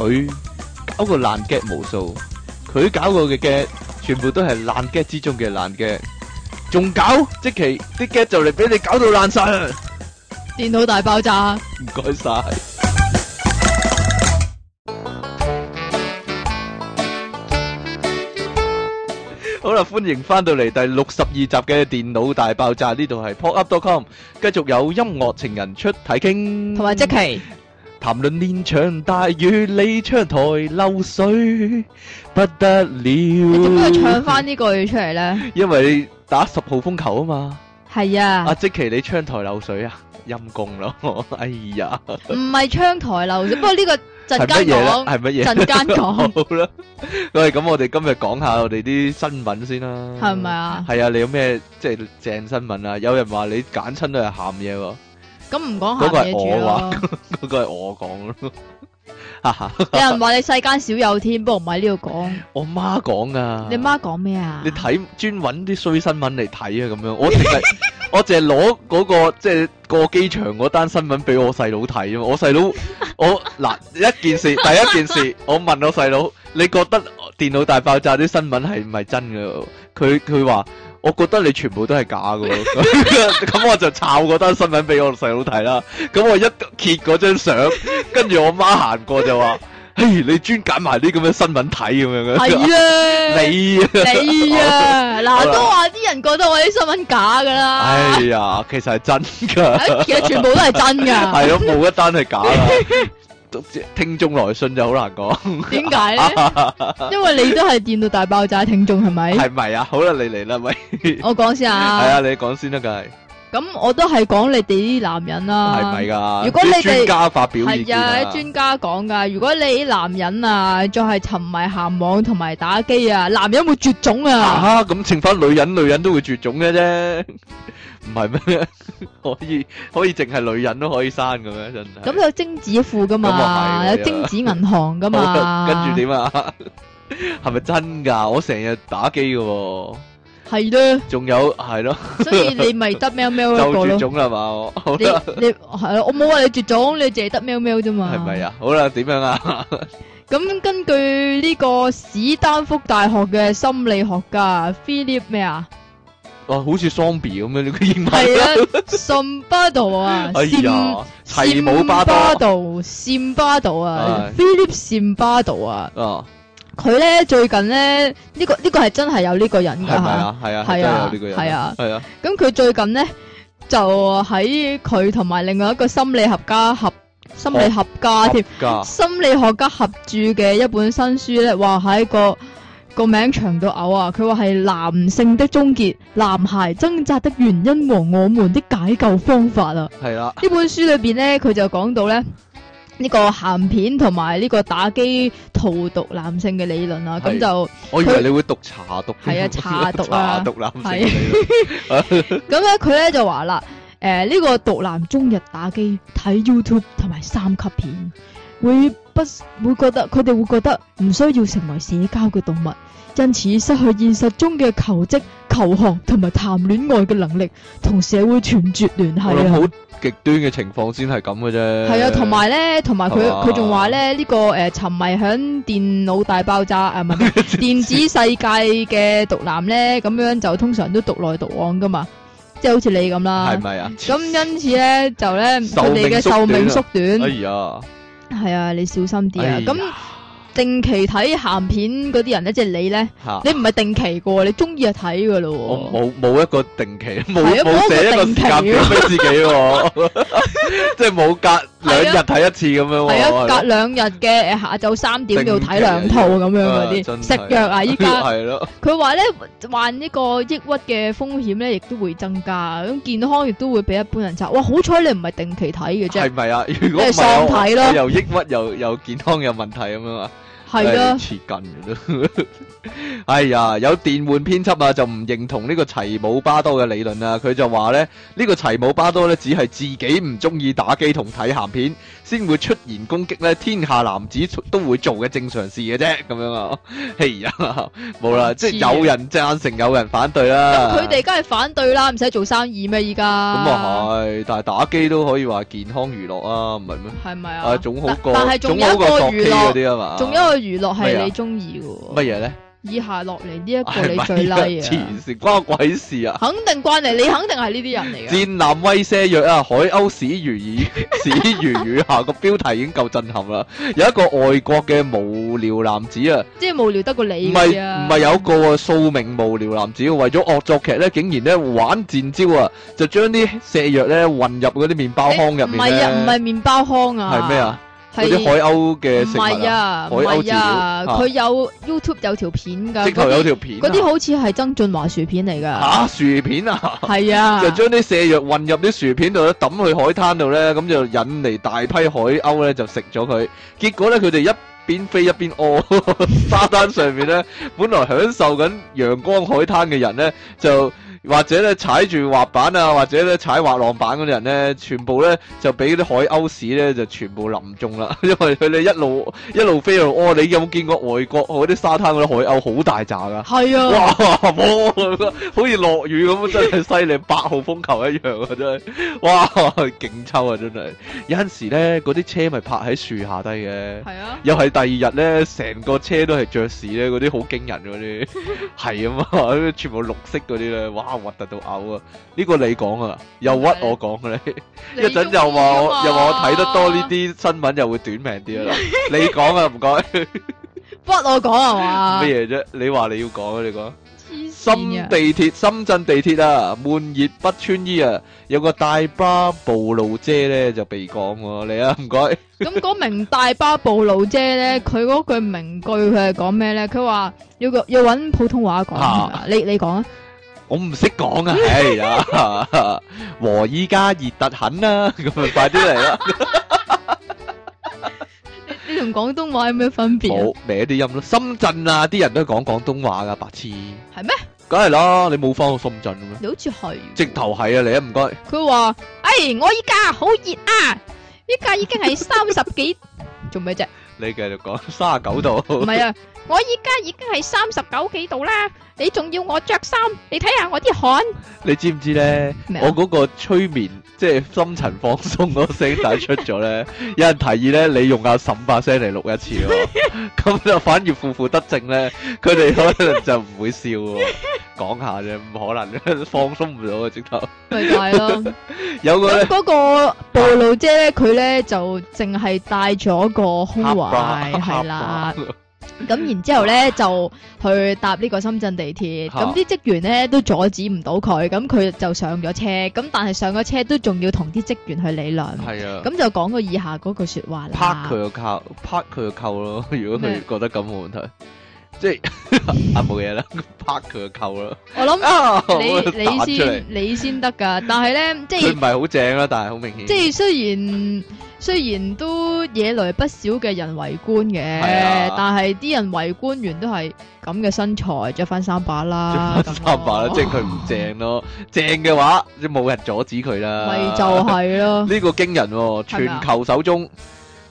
佢搞過爛 gag 無數，佢搞過嘅 gag，全部都係爛 gag 之中嘅爛 gag，仲搞？積淇啲 gag 就嚟俾你搞到爛晒啦！電腦大爆炸！唔該晒。好啦，歡迎翻到嚟第六十二集嘅電腦大爆炸，呢度係 popup.com，繼續有音樂情人出體 King，同埋積淇。談論連場大雨，你窗台漏水不得了。你點解要唱翻呢句出嚟咧？因為你打十號風球啊嘛。係啊，阿積淇，你窗台漏水啊，陰功咯，哎呀，唔係窗台漏水，不過呢個陣間講係乜嘢？陣間講啦。喂，咁我哋今日講下我哋啲新聞先啦。係咪啊？係啊，你有咩即係正新聞啊？有人話你揀親都係鹹嘢喎。咁唔講下嘢住啦，嗰個係我講咯，有人話你世間少有添，不過唔喺呢度講。我媽講噶，你媽講咩啊？你睇專揾啲衰新聞嚟睇啊，咁樣我淨係我淨係攞嗰個即係過機場嗰單新聞俾我細佬睇啊！我細佬我嗱一件事，第一件事 我問我細佬，你覺得電腦大爆炸啲新聞係唔係真嘅？佢佢話。我覺得你全部都係假噶，咁我就抄嗰單新聞俾我細佬睇啦。咁我一揭嗰張相，跟住我媽行過就話：嘿，你專揀埋啲咁嘅新聞睇咁樣嘅。係啊，你啊，你啊，嗱都話啲人覺得我啲新聞假噶啦。哎呀，其實係真噶，其實全部都係真噶，係咯，冇一單係假。讀者聽眾來信就好難講，點解咧？ 因為你都係電到大爆炸聽，聽眾係咪？係咪啊？好啦，你嚟啦，咪 我講先啊！係啊，你講先啦，梗係。咁我都係講你哋呢啲男人啦，係咪噶？如果你哋專家發表意見，係啊，專家講噶。如果你啲男人啊，仲係沉迷鹹網同埋打機啊，男人會絕種啊！吓，咁剩翻女人，女人都會絕種嘅啫，唔係咩？可以可以淨係女人都可以生嘅咩？真係咁有精子庫噶嘛？有精子銀行噶嘛？跟住點啊？係咪真噶？我成日打機噶喎。係咯，仲有係咯，所以你咪得喵喵一個就絕種啦嘛，你你係我冇話你絕種，你淨係得喵喵啫嘛。係咪啊？好啦，點樣啊？咁根據呢個史丹福大學嘅心理學家 Philip 咩啊？哦，好似 Zombie 咁樣呢個英文。係啊，神巴度啊，哎呀，齊姆巴道，神巴度啊，Philip 神巴度啊。佢咧最近咧呢、這個呢、這個係真係有呢個人噶係啊係啊係啊係啊。咁佢最近咧就喺佢同埋另外一個心理學家合心理學家添心理學家合著嘅一本新書咧話喺個個名長到嘔啊，佢話係男性的終結男孩掙扎的原因和我們的解救方法啊，係啦，呢本書裏邊咧佢就講到咧。呢個鹹片同埋呢個打機荼毒男性嘅理論啊，咁是就我以為你會讀查毒，係 啊，查毒啊，荼毒男性。咁咧佢咧就話啦，誒、呃、呢、這個毒男中日打機睇 YouTube 同埋三級片會。會覺得佢哋會覺得唔需要成為社交嘅動物，因此失去現實中嘅求職、求學同埋談戀愛嘅能力，同社會斷絕聯繫。好極端嘅情況先係咁嘅啫。係的啊，同埋咧，同埋佢佢仲話咧呢，吧呢、這個誒、呃、沉迷響電腦大爆炸啊，唔係 電子世界嘅毒男咧，咁樣就通常都獨來獨往噶嘛，即係好似你咁啦，係咪啊？咁、嗯、因此咧就咧，佢哋嘅壽命縮短。哎呀、啊！係啊，你小心啲啊！咁、哎、呀定期睇鹹片嗰啲人咧，即、就、係、是、你咧哈，你唔係定期嘅，你中意就睇嘅咯。我冇冇一個定期，冇冇寫一個時間表俾自己、啊， 即係冇隔。兩日睇一次咁樣，係啊，哇啊隔兩日嘅 下晝三點要睇兩套咁樣嗰啲，食藥啊依家，係咯，佢話咧，患呢個抑鬱嘅風險咧，亦都會增加，咁健康亦都會比一般人差。哇，好彩你唔係定期睇嘅啫，係咪係啊？如果相睇咯，又抑鬱又又健康有問題咁樣啊？係啊，接近嘅，哎呀，有電玩編輯啊，就唔認同呢個齊姆巴多嘅理論啊。佢就話咧，呢、呢個齊姆巴多咧，只係自己唔中意打機同睇鹹片，先會出言攻擊咧天下男子都會做嘅正常事嘅啫。咁樣啊， 哎呀，冇啦， 即係有人贊成， 有人反對啦。佢哋梗係反對啦，唔使做生意咩？依家咁啊係，但係打機都可以話健康娛樂啊，唔係咩？係咪啊？啊，總好過，總好過娛樂嗰啲啊嘛。娛樂係你中意嘅乜嘢咧？呢以下落嚟呢一個你最嬲嘅啊！前事關鬼事啊！肯定關你，你肯定係呢啲人嚟嘅。賤男威瀉藥啊！海鷗屎如屎如雨下，個標題已經夠震撼啦！ 有一個外國嘅無聊男子啊，即係無聊得過你唔係唔係有一個數名無聊男子、啊、為咗惡作劇咧，竟然咧玩賤招啊，就將啲瀉藥咧混入嗰啲麵包糠入面唔係啊，唔係麵包糠啊，係咩啊？係啲海鷗嘅食物，唔係啊，唔係啊，佢有 YouTube 有條片噶，即係有條片，嗰啲好似係曾俊華薯片嚟噶，吓薯片啊，係啊，就將啲瀉藥混入啲薯片度咧，抌去海灘度咧，咁就引嚟大批海鷗咧，就食咗佢，結果咧佢哋一邊飛一邊屙，沙灘上面咧本來享受緊陽光海灘嘅人咧就。或者咧踩住滑板啊，或者咧踩滑浪板嗰啲人咧，全部咧就俾啲海鷗屎咧就全部淋中啦，因為佢哋一路一路飛去。哦，你有冇見過外國嗰啲沙灘嗰啲海鷗好大隻噶？啊，係啊。哇，哇，魔，好似落雨咁真係犀利，八號 風球一樣啊，真係，哇，勁抽啊，真係。有陣時咧，嗰啲車咪泊喺樹下低嘅，係啊，又係第二日咧，成個車都係着屎咧，嗰啲好驚人嗰啲，係 啊嘛，全部綠色嗰啲咧，啊！核突到嘔啊！呢個你講啊，又屈我講嘅你，一陣又話我又話我睇得多呢啲新聞又會短命啲啦。你講啊，唔該。屈我講係嘛？咩嘢啫？你話你要講啊？你講。深地鐵，深圳地鐵啊，滿熱不穿衣啊，有個大巴暴露姐咧就被講喎。嚟啊，唔該。咁嗰名大巴暴露姐咧，佢嗰句名句佢係講咩咧？佢話要個要揾普通話講，你你講啊。我唔識講啊，係啊，和依家熱得很啦，咁咪快啲嚟啦！你同廣東話有咩分別啊？歪啲音咯，深圳啊啲人都講廣東話噶，白痴。係咩？梗係咯，你冇翻到深圳咁樣？你好似係。直頭係啊，你啊，唔該。佢話：，哎，我依家好熱啊，依家已經係三十幾，做咩啫？你繼續講，三啊九度。唔係啊。我依家已經係三十九幾度啦，你仲要我着衫？你睇下我啲汗。你知唔知咧？我嗰個催眠即係深層放鬆嗰聲帶出咗咧，有人提議咧，你用阿沈伯聲嚟錄一次喎。咁就反而負負得正咧。佢哋可能就唔會笑喎。講下啫，唔可能放鬆唔到啊，直頭咪係咯。有嗰個暴露姐咧，佢咧就淨係戴咗個胸圍，係啦。咁然之後咧就去搭呢個深圳地鐵，咁啲職員咧都阻止唔到佢，咁佢就上咗車，咁但係上咗車都仲要同啲職員去理論，係啊的，咁就講個以下嗰句説話啦。拍佢個扣，拍佢個扣咯。如果佢覺得咁冇問題，麼即係冇嘢啦。拍佢個扣咯。我諗你、啊、你先 來你先得㗎，但係咧即係佢唔係好正啦，但係好明顯。即係雖然。雖然都惹來不少嘅人圍觀嘅，啊、但係啲人圍觀完都係咁嘅身材，着翻三把啦，着翻三把啦，啊、即係佢唔正咯。 正嘅話，即冇人阻止佢啦。咪就係咯、啊。呢 個驚人、哦，嗎全球首宗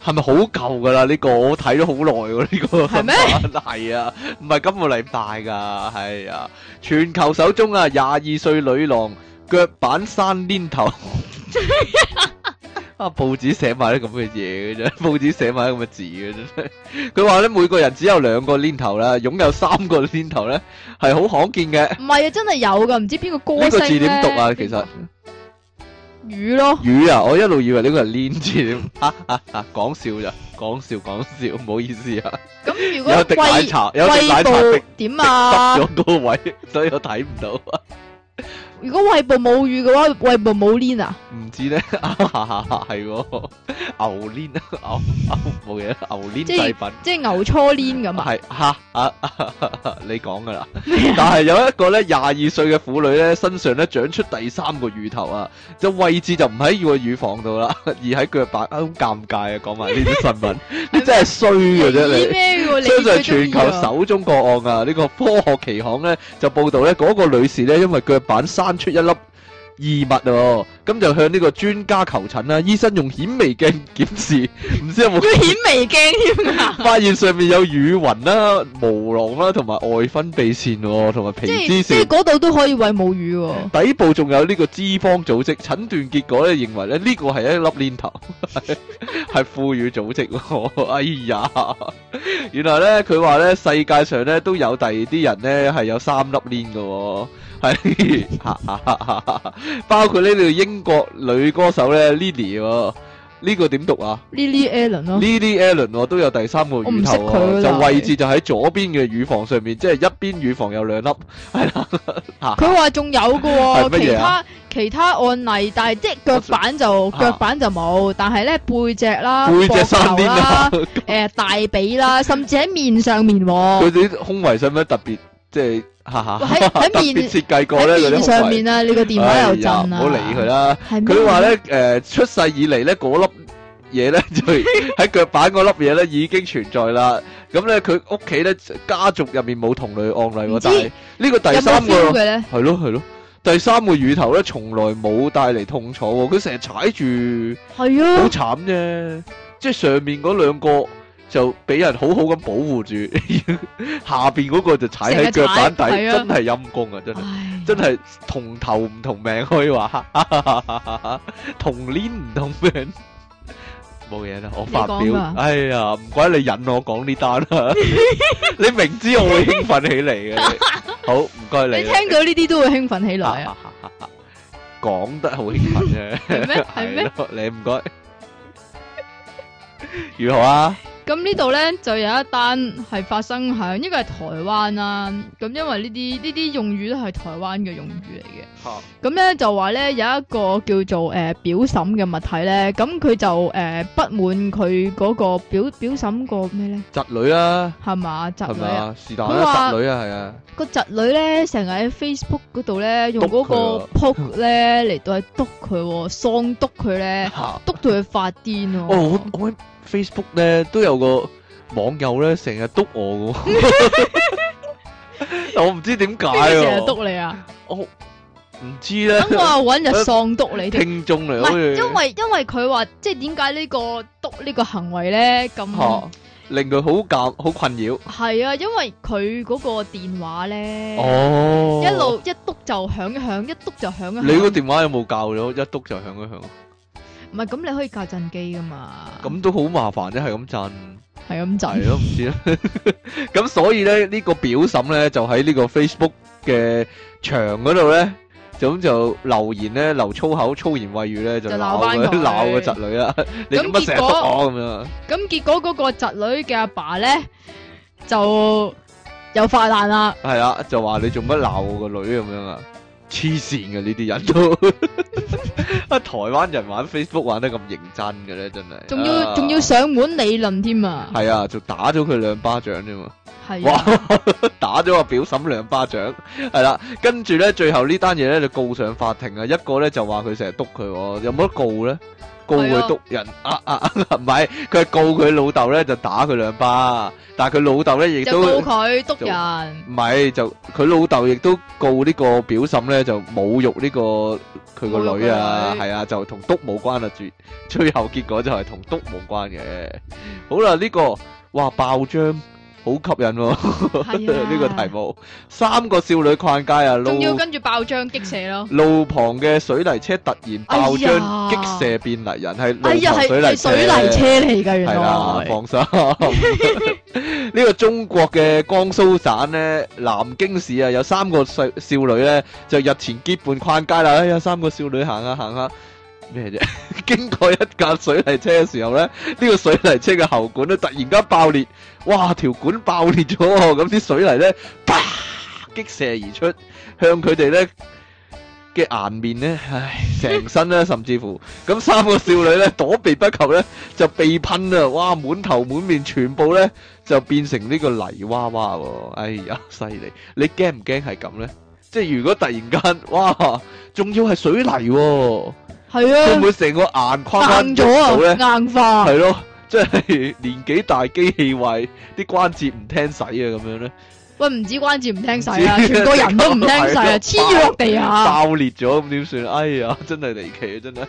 係咪好舊噶啦？呢、這個我睇咗好耐喎。呢、這個係咩嗎？係啊，唔係、啊、今個禮拜噶，係啊，全球首宗啊，廿二歲女郎腳板山黏頭。 啊！報紙寫埋啲咁嘅嘢嘅啫，報紙寫埋啲咁嘅字嘅真係。佢話咧每個人只有兩個念頭啦，擁有三個念頭咧係好罕見嘅。唔係啊，真係有噶，唔知邊個歌星咧。呢個字點讀啊？其實。魚咯。魚，咯魚啊！我一路以為呢個人念字，哈哈 啊！講、啊啊、笑咋？講笑講笑，唔好意思啊。咁如果 有滴奶茶，有滴奶茶滴點啊？咗個位，所以我睇唔到。 如果胃部冇乳嘅話，胃部冇黏啊？唔知咧，係喎牛黏啊，牛冇嘢，牛黏製品，即係牛初黏咁 啊？係、啊、吓啊，啊，你講噶啦。啊、但係有一個咧廿二歲嘅婦女咧，身上咧長出第三個乳頭啊，就位置就唔喺要個乳房度啦，而喺腳板，好、啊、尷尬啊！講埋呢啲新聞， 你真係衰嘅啫你。相信全球首宗個案啊，這個、呢個科學期刊咧就報道咧，嗰、那個女士咧因為腳板生出一粒異物哦，咁就向呢個專家求診啦。醫生用顯微鏡檢視，唔知有冇要顯微鏡添啊？ 發現上面有乳暈啦、毛囊啦，同埋外分泌腺，同埋皮脂腺。即係嗰度都可以喂母乳、嗯。底部仲有呢個脂肪組織。診斷結果咧，認為咧呢個係一粒鏈頭，係副 乳組織。哎呀，原來咧佢話咧世界上咧都有第啲人咧係有三粒鏈嘅。係， 包括呢條英國女歌手咧，Lily 喎、哦，呢、這個點讀啊？Lily Allen 咯、啊、，Lily Allen 喎、啊，都有第三個乳頭、啊、就位置就喺左邊嘅乳房上面，是即係一邊乳房有兩粒，係啦，佢話仲有嘅喎、哦， 啊、其他其他案例，但係即係腳板就、啊、腳板就冇，但係咧背脊啦、膊頭、啊、啦、誒、 呃、大髀啦，甚至喺面上面、啊。佢哋 胸圍有咩特別？即係。吓吓喺喺面設計過咧，上面啊，你個電話又震啊，唔好理佢啦。佢話咧，誒，出世以嚟咧，嗰粒嘢咧就喺腳板嗰粒嘢咧已經存在啦。咁咧佢屋企咧家族入面冇同類案例喎。但係呢個第三個係咯係咯，第三個魚頭咧從來冇帶嚟痛楚。佢成日踩住，係啊，好慘啫。即係上面嗰兩個。就俾人好好咁保護住，下邊嗰個就踩喺腳板底，真係陰功啊！真係真係同頭唔同命可以話，同年唔同命。冇嘢啦，我發表。哎呀，唔該你引我講呢單啦，你明知我會興奮起嚟嘅。好，唔該你。你聽到呢啲都會興奮起嚟，啊？講得好興奮嘅，係咩？你唔該，如何啊？咁、嗯、呢度咧就有一單係發生響，呢個係台灣啦、啊。咁、嗯、因為呢啲呢啲用語都係台灣嘅用語嚟嘅。吓咁咧就話咧有一個叫做誒、呃、表嬸嘅物體咧，咁、嗯、佢就誒、呃、不滿佢嗰個表表嬸個咩咧侄女啊？係嘛侄女啊，啊？是但啦侄女個啊係啊個侄女咧成日喺 Facebook 嗰度咧用嗰個撲咧嚟到去督佢，喪督佢咧，督到佢發癲咯、哦。哦 Facebook 咧都有個網友咧成日督我，我唔知點解喎。成日督你啊？我唔知咧。咁我又揾日喪督你。聽眾嚟，唔係因為因為佢話即係點解呢個督呢個行為咧咁令佢好夾好困擾。係啊，因為佢嗰個電話咧，一路一督就響一響，一督就響一響。你個電話有冇教咗一督就響一響？唔係，咁你可以教震機噶嘛？咁都好麻煩啫，係咁震，係咁滯咯，唔知啦。咁所以咧，呢個表嬸咧就喺呢個 Facebook 嘅牆嗰度咧，咁就留言咧，留粗口、粗言穢語咧，就鬧我，鬧個侄女啦。你做乜成日篤我咁樣？咁結果嗰個侄女嘅阿爸咧就又發爛啦。係啊，就話你做乜鬧我個女咁樣啊？黐線嘅呢啲人都， 啊台灣人玩 Facebook 玩得咁認真嘅咧，真係，仲要仲、uh、要上門理論添啊！係啊，就打咗佢兩巴掌啫嘛，啊、哇 打咗個表嬸兩巴掌，係啦、啊，跟住咧最後呢單嘢咧就告上法庭啊，一個咧就話佢成日督佢，有冇得告咧？告佢督人，啊啊唔係，佢、啊、係告佢老豆咧就打佢兩巴，但係佢老豆咧亦都告佢督人。唔係就佢老豆亦都告呢個表嬸咧就侮辱呢、這個佢個女啊，係啊，就同督冇關啊，最最後結果就係同督冇關嘅。好啦，呢、這個哇爆張！好吸引喎、哦 啊！呢個題目，三個少女逛街啊，仲要跟住爆漿擊射咯。路旁嘅水泥車突然爆漿擊射變泥人，係、哎、呀路旁水泥、哎、水泥車嚟噶，原來係啦、啊，放心。呢 個中國嘅江蘇省呢，南京市啊，有三個少少女咧，就日前結伴逛街啦。哎呀，三個少女行下、啊、行下、啊。咩啫？ 經過一架水泥車嘅時候咧，呢、這個水泥車嘅喉管咧突然間爆裂，哇！條管爆裂咗，咁啲水泥咧，啪擊射而出，向佢哋咧嘅顏面咧，唉，成身咧，甚至乎咁三個少女咧躲避不及咧，就被噴啊！哇，滿頭滿面全部咧就變成呢個泥娃娃。哎呀，犀利！你驚唔驚係咁咧？即係如果突然間，哇，仲要係水泥、啊。係啊，會唔會成個硬框硬咗啊？硬化係咯，即係年紀大，機器位啲關節唔聽使啊，咁樣咧？喂，唔止關節唔聽使啊，全個人都唔聽使啊，黐咗落地下，爆裂咗咁點算？哎呀，真係離奇啊！真係，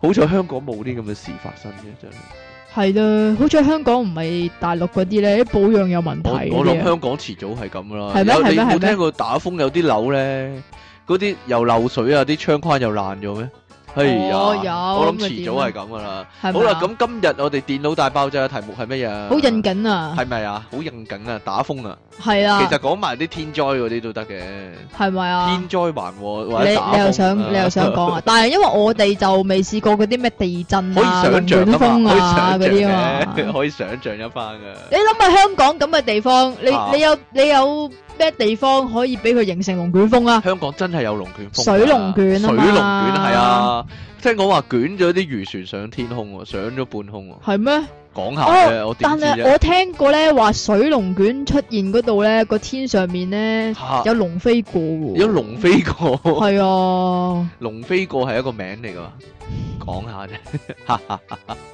好彩香港冇啲咁嘅事發生嘅，真係。係啦，好彩香港唔係大陸嗰啲咧，保養有問題。我諗香港遲早係咁噶啦。係咩？係咩？係你有聽過打風有啲樓咧，嗰啲又漏水啊，啲窗框又爛咗咩？哎呀，我諗遲早係咁噶啦。好啦，咁今日我哋電腦大爆炸嘅題目係乜嘢？好應景啊！係咪啊？好應景啊！打風啊！係啊！其實講埋啲天災嗰啲都得嘅，係咪啊？天災還禍，你你又想你又想講啊？但係因為我哋就未試過嗰啲咩地震啊、暖風啊嗰啲，可以想象一翻噶。你諗下香港咁嘅地方，你你有你有。咩地方可以俾佢形成龍捲風啊？香港真係有龍捲風，水龍捲啊，水龍捲係啊，聽講話捲咗啲漁船上天空，上咗半空啊。係咩？講下啫，我但係我聽過咧話水龍捲出現嗰度咧個天上面咧有龍飛過喎，有龍飛過，係啊，龍飛過係一個名嚟噶嘛，講下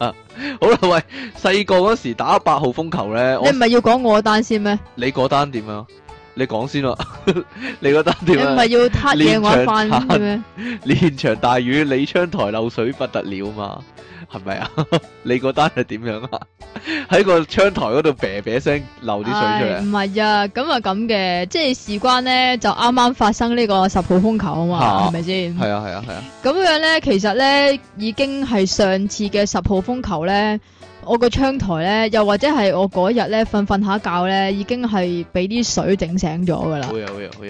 啫。好啦，喂，細個嗰時打八號風球咧，你唔係要講我單先咩？你嗰單點啊？你講先啦， 你覺得點啊？你唔係要撻嘢玩飯嘅咩？彈 連場大雨，你窗台漏水不得了嘛？係咪啊？ 你個單係點樣啊？喺 個窗台嗰度啤啤聲流啲水，哎、出嚟來？唔係啊，咁啊咁嘅，即係事關咧就啱啱發生呢個十號風球啊嘛，係咪先？係啊，係啊，係啊。咁、啊啊啊、樣咧，其實咧已經係上次嘅十號風球咧。我個窗台咧，又或者係我嗰日咧，瞓瞓下覺咧，已經係俾啲水整醒咗噶啦。好呀，好呀，好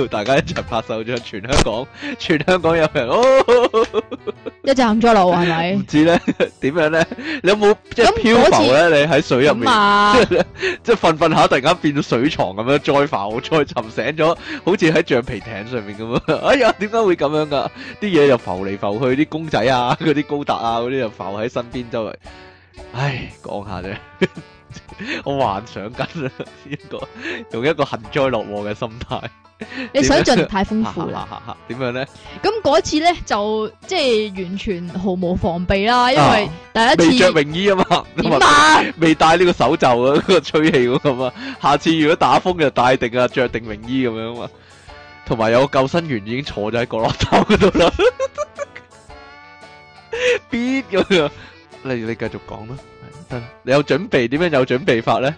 呀，大家一齊拍手掌，全香港，全香港有人哦， 一浸咗落係咪？唔 知咧道，點 樣咧呢？ 你有冇即係漂浮咧？你喺水入面，啊、 即係瞓瞓下突然間變到水床咁樣，再浮，再沉醒咗，好似喺橡皮艇上面咁樣！ 哎呀，點解會咁樣噶？啲嘢又浮嚟浮去，啲公仔啊，嗰啲高達啊，嗰啲又浮喺身邊周圍。唉，講下啫， 我幻想緊啊，一個用一個幸災樂禍嘅心態。你想們盡樣太豐富啦，點、啊啊啊啊、樣咧？咁嗰次咧就即係完全毫無防備啦，因為第一次未着泳、啊、衣啊嘛，點啊？未戴呢個手袖啊，呢、那個吹氣咁啊！下次如果打風就帶定啊，着定泳衣咁樣啊嘛。同埋有救生員已經坐咗喺角落頭嗰度啦，邊咁啊？ 你你繼續講啦，得啦，你有準備點樣有準備法咧？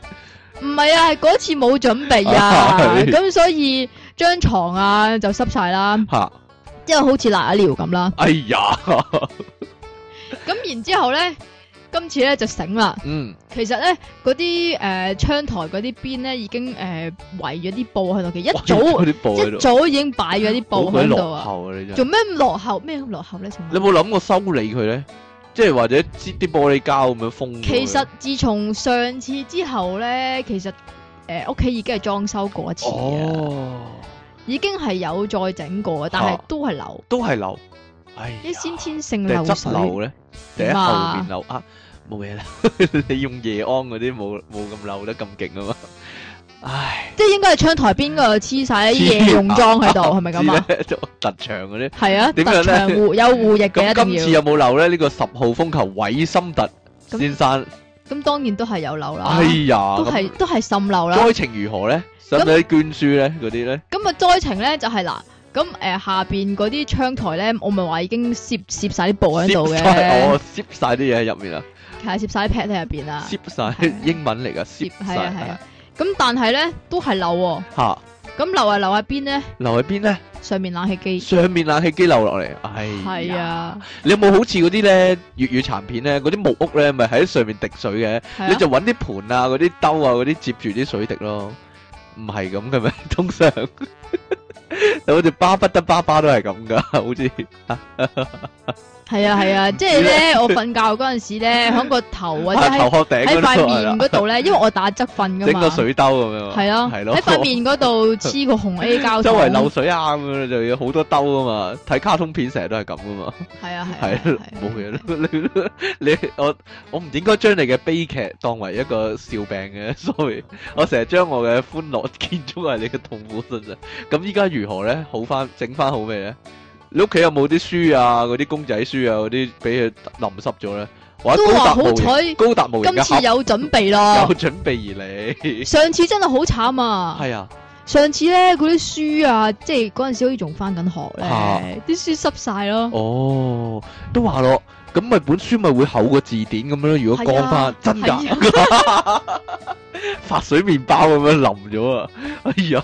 唔係啊，係嗰次冇準備啊，咁所以張床啊就濕晒啦，即係好似瀨尿咁啦。哎呀，咁然之後咧，今次咧就醒啦。嗯，其實咧嗰啲誒窗台嗰啲邊咧已經誒圍咗啲布喺度，嘅一早一早已經擺咗啲布喺度啊，做咩咁落後咩咁落後咧？你有冇諗過修理佢咧？即係或者擠啲玻璃膠咁樣封。其實自從上次之後咧，其實誒屋企已經係裝修過一次啊，已經係有再整過嘅，但係都係漏，都係漏，啲先天性漏水啊嘛，冇嘢啦，你用夜安嗰啲冇冇咁漏得咁勁啊嘛～唉，即係應該係窗台邊個黐晒啲嘢用裝喺度，係咪咁啊？特長嗰啲係啊，點樣呢有護翼嘅，今次有冇漏咧？呢個十號風球韋森特先生，咁當然都係有漏啦。哎呀，都係都係滲漏啦。災情如何咧？想唔想捐書咧？嗰啲咧？咁啊災情咧就係嗱，咁誒下邊嗰啲窗台咧，我咪話已經攝攝晒啲布喺度嘅。我攝晒啲嘢喺入面啦。係攝晒啲 pad 喺入邊啦。攝晒英文嚟噶，攝係係啊。咁但係咧，都係漏喎。吓哈，咁漏係漏喺邊咧？漏喺邊咧？上面冷氣機。上面冷氣機漏落嚟，係。係啊。你有冇好似嗰啲咧粵語殘片咧？嗰啲木屋咧，咪喺上面滴水嘅？啊、你就揾啲盆啊，嗰啲兜啊，嗰啲、啊、接住啲水滴咯。唔係咁嘅咩？通常 就好似巴不得巴巴都係咁噶，好似。 係啊係啊，即係咧，我瞓覺嗰陣時咧，喺個頭或者頭殼頂，喺塊面嗰度咧，因為我打側瞓噶嘛，整個水兜咁樣，係啊，係咯，喺塊面嗰度黐個紅 A 膠，周圍漏水啊咁樣，就有好多兜啊嘛，睇卡通片成日都係咁噶嘛，係啊係，係啊冇嘢，你我我唔應該將你嘅悲劇當為一個笑柄嘅，sorry，我成日將我嘅歡樂建築係你嘅痛苦身上，咁依家如何咧？好翻，整翻好咩咧？你屋企有冇啲書啊，嗰啲公仔書啊，嗰啲俾佢淋濕咗咧？或者都話好彩，高達冇，今次有準備啦， 有準備而嚟。上次真係好慘啊！係啊，上次咧嗰啲書啊，即係嗰陣時好似仲返緊學咧，啲、啊、書濕晒咯。哦，都話咯。咁咪本書咪會厚過字典咁樣？如果講翻，啊、真噶發、啊、 水麵包咁樣淋咗啊！哎呀，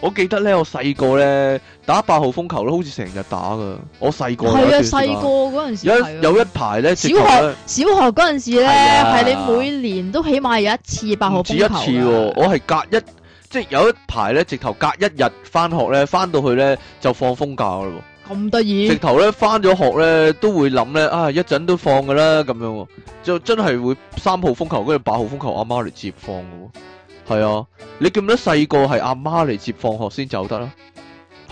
我記得咧，我細個咧打八號風球咧，好似成日打噶。我細個係啊，細個嗰陣時有、啊、有一排咧。小學小學嗰陣時咧，係、啊、你每年都起碼有一次八號風球。唔止一次喎，哦，我係隔一即係有一排咧，直頭隔一日翻學咧，翻到去咧就放風假咯。咁得意，直頭咧翻咗學咧都會諗咧，啊一陣都放噶啦咁樣，就真係會三號風球跟住八號風球阿媽嚟接放噶，係啊，你記唔得細個係阿媽嚟接放學先走得啦，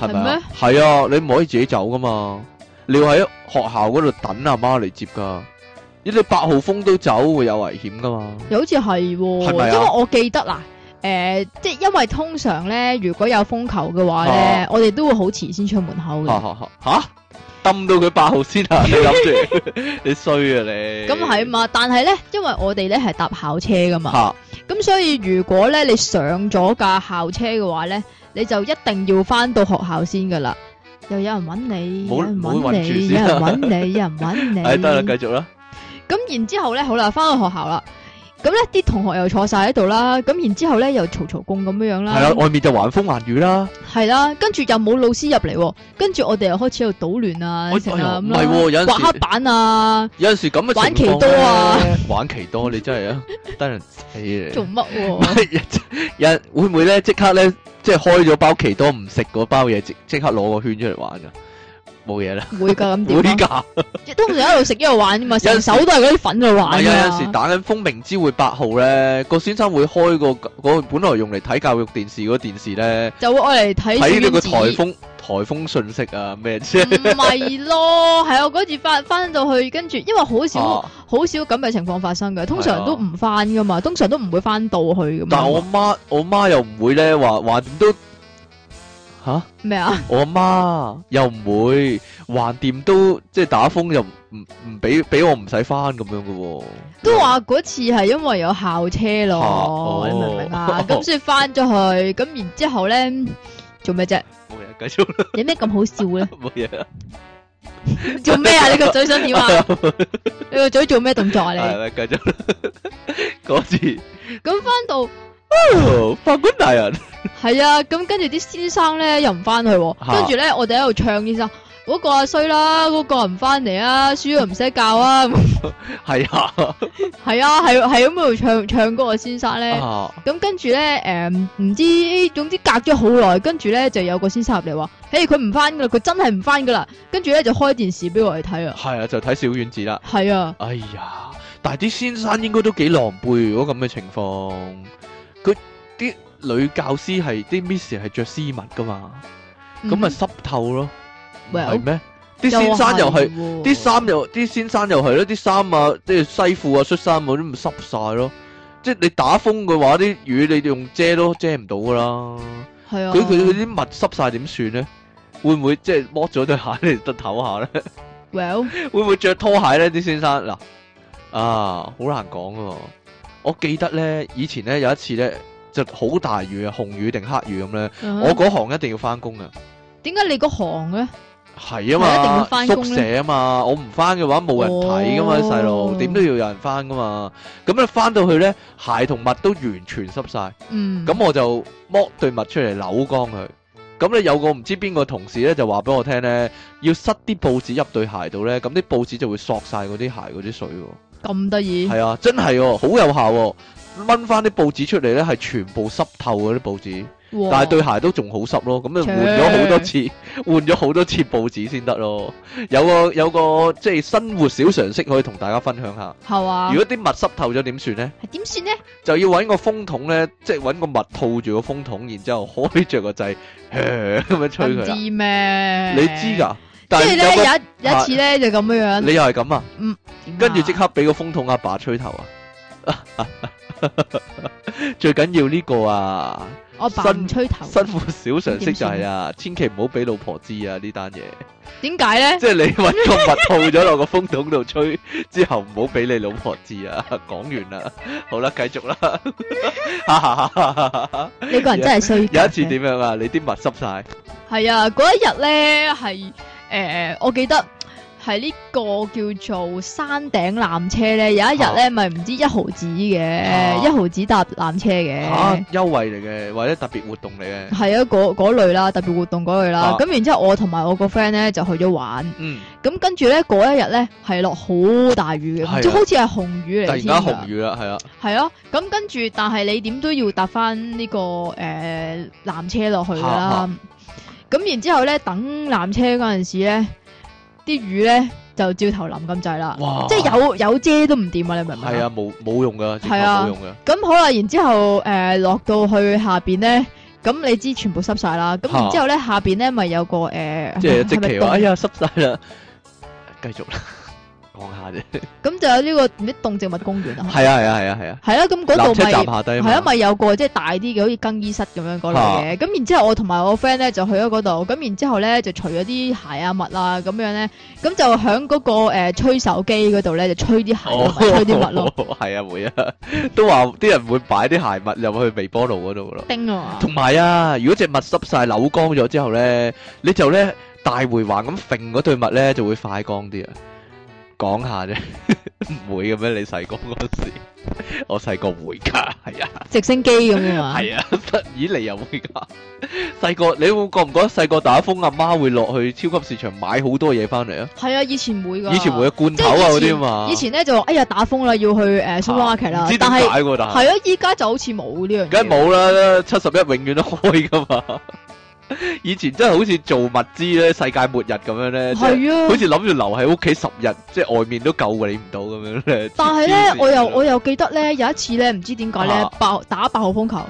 係咪啊？係嗎啊，你唔可以自己走噶嘛，你要喺學校嗰度等阿媽嚟接噶，你八號風都走會有危險噶嘛，又好似係，係咪啊？因為我記得嗱。誒，即係因為通常咧，如果有風球嘅話咧，我哋都會好遲先出門口嘅。吓，冧到佢八號先啊！你諗住，你衰啊你。咁係嘛，但係咧，因為我哋咧係搭校車噶嘛，咁所以如果咧你上咗架校車嘅話咧，你就一定要返到學校先噶啦。又有人揾你，有人揾你，有人揾你，有人揾你。係得啦，繼續啦。咁然之後咧，好啦，返到學校啦。咁咧，啲同學又坐晒喺度啦，咁然之後咧又嘈嘈貢咁樣樣啦。係啦、啊，外面就橫風橫雨啦。係啦、啊，跟住又冇老師入嚟、啊，跟住我哋又開始喺度搗亂啊，成日有啦，刮黑板啊，有陣時咁嘅、啊。玩奇多啊，玩奇多、啊， 你真係啊，得人死啊，做乜 一會唔會咧即刻咧，即係開咗包奇多唔食嗰包嘢，即即刻攞個圈出嚟玩噶？冇嘢啦，會噶咁點？會噶假，通常一路食一路玩啫嘛。成 時手都係嗰啲粉去玩啦、啊。有陣時打緊風，明知會八號咧，個先生會開個嗰個本來用嚟睇教育電視嗰個電視咧，就會愛嚟睇睇呢個颱風颱風信息啊咩啫。唔係咯，係我嗰次翻翻到去，跟住因為好少好、啊、少咁嘅情況發生嘅，通常都唔翻噶嘛，通常都唔會翻到去咁。但係我媽我媽又唔會咧，話話點都。吓咩啊？我阿媽又唔會，橫掂都即係打風又唔唔唔俾俾我唔使翻咁樣噶喎，都話嗰次係因為有校車咯，明唔明啊？咁所以翻咗去，咁然之後咧做咩啫？冇嘢，繼續。有咩咁好笑咧？冇嘢。做咩啊？你個嘴想點啊？你個嘴做咩動作啊？你係咪繼續。嗰次咁翻到。.哦、法官大人係 啊，咁跟住啲先生咧又唔翻去、啊，啊、跟住咧我哋喺度唱先生，嗰、啊、個啊衰啦，嗰、嗰個唔翻嚟啊，輸啊唔使教啊，係 啊，係 啊，係係咁喺度唱唱歌啊，先生咧，咁跟住咧誒，唔知總之隔咗好耐，跟住咧就有個先生入嚟話，誒佢唔翻噶啦，佢真係唔翻噶啦，跟住咧就開電視俾我哋睇啊。係啊就睇小丸子啦，係啊，哎呀，但係啲先生應該都幾狼，狼狽如果咁嘅情況。佢啲女教師係啲 miss 係着絲襪噶嘛，咁咪濕透咯，唔係咩？啲先生又係、哦，啲衫又啲先生又係咯，啲衫啊，即係西褲啊、恤衫啊，蜜蜜啊都咁濕曬咯。即係你打風嘅話，啲雨你用遮都遮唔到噶啦。係啊，佢佢啲襪濕晒點算咧？會唔會即係剝咗對鞋嚟得唞下咧？Well，會唔會着拖鞋咧？啲先生嗱啊，啊，好難講喎。Well, 啊我記得咧，以前咧有一次咧，就好大雨啊，紅雨定黑雨咁咧。Uh huh. 我嗰行一定要翻工啊。點解你嗰行咧？係啊嘛，一定要翻宿舍啊嘛，我唔翻嘅話冇人睇噶嘛，細路點都要有人翻噶嘛。咁你翻到去咧，鞋同襪都完全濕晒。嗯。咁我就剝對襪出嚟扭乾佢。咁你有個唔知邊個同事咧就話俾我聽咧，要塞啲報紙入對鞋度咧，咁啲報紙就會索晒嗰啲鞋嗰啲水。咁得意係啊，真係、喎，好有效、喎，掹翻啲報紙出嚟咧，係全部濕透嗰啲報紙，但係對鞋都仲好濕咯，咁就換咗好多次，換咗好多次報紙先得咯。有個有個即係、就是、生活小常識可以同大家分享下，係啊嗎，如果啲襪濕透咗點算咧？係點算咧？就要搵個風筒咧，即係搵個襪套住個風筒，然之後開着個掣，咁、呃、樣吹佢知咩？你知噶？ 但係咧，有有一次咧就咁樣樣，你又係咁啊？嗯，跟住即刻俾個風筒阿爸吹頭啊！最緊要呢個啊，我爸吹頭，辛苦小常識就係啊，千祈唔好俾老婆知啊呢單嘢。點解咧？即係你搵個襪套咗落個風筒度吹之後，唔好俾你老婆知啊！講完啦，好啦，繼續啦。你個人真係衰。有一次點樣啊？你啲襪濕晒。係啊，嗰一日咧係。誒、欸，我記得係呢個叫做山頂纜車咧，有一日咧咪唔知一毫子嘅，啊、一毫子搭纜車嘅，啊，優惠嚟嘅或者特別活動嚟嘅，係啊，嗰嗰類啦，特別活動嗰類啦。咁、啊、然之後我同埋我個 friend 咧就去咗玩，咁、嗯、跟住咧嗰一日咧係落好大雨嘅，好似係紅雨嚟，而家紅雨啦，係啊，係啊。咁跟住，但係你點都要搭翻、這、呢個誒纜、呃、車落去啦。啊咁、嗯、然之後咧，等纜車嗰陣時咧，啲雨咧就照頭淋咁滯啦，哇即係有、啊、有遮都唔掂啊！你明唔明啊？係啊，冇冇用噶，係啊，冇用噶。咁好啦，然之後誒落到去下邊咧，咁、嗯、你知全部濕晒啦。咁、嗯啊、然之後咧，下邊咧咪有個誒，呃、即係直期話，洞哎呀濕曬啦， 繼續啦。 講下啫，咁就有呢個咩動植物公園啊，係啊，係啊，係啊，係啊，係啦，咁嗰度咪係啦，咪有個即係大啲嘅，好似更衣室咁樣嗰類嘅。咁然之後我同埋我 friend 咧就去咗嗰度，咁然之後咧就除咗啲鞋啊襪啊咁樣咧，咁就響嗰個誒吹手機嗰度咧就吹啲鞋啊，吹啲襪咯，係啊，會啊，都話啲人會擺啲鞋襪入去微波爐嗰度咯，叮啊嘛。同埋啊，如果隻襪濕晒扭乾咗之後咧，你就咧大回環咁揈嗰對襪咧就會快乾啲啊。講下啫，唔會嘅咩？你細個嗰時，我細個會噶，係啊，直升機咁樣嘛，係啊，咦，你又會噶？細個你會覺唔覺得細個打風阿媽會落去超級市場買好多嘢翻嚟啊？係啊，以前會噶，以前會有罐頭啊嗰啲嘛。以前咧就哎呀打風啦，要去誒 supermarket 啦，但係係啊，依家就好似冇呢樣。梗係冇啦，七十一永遠都開噶嘛。以前真係好似做物資咧，世界末日咁樣咧，係啊，好似諗住留喺屋企十日，即、就、係、是、外面都救你唔到咁樣咧。但係咧，我又我又記得咧，有一次咧，唔知點解咧，爆、啊、打八號風球，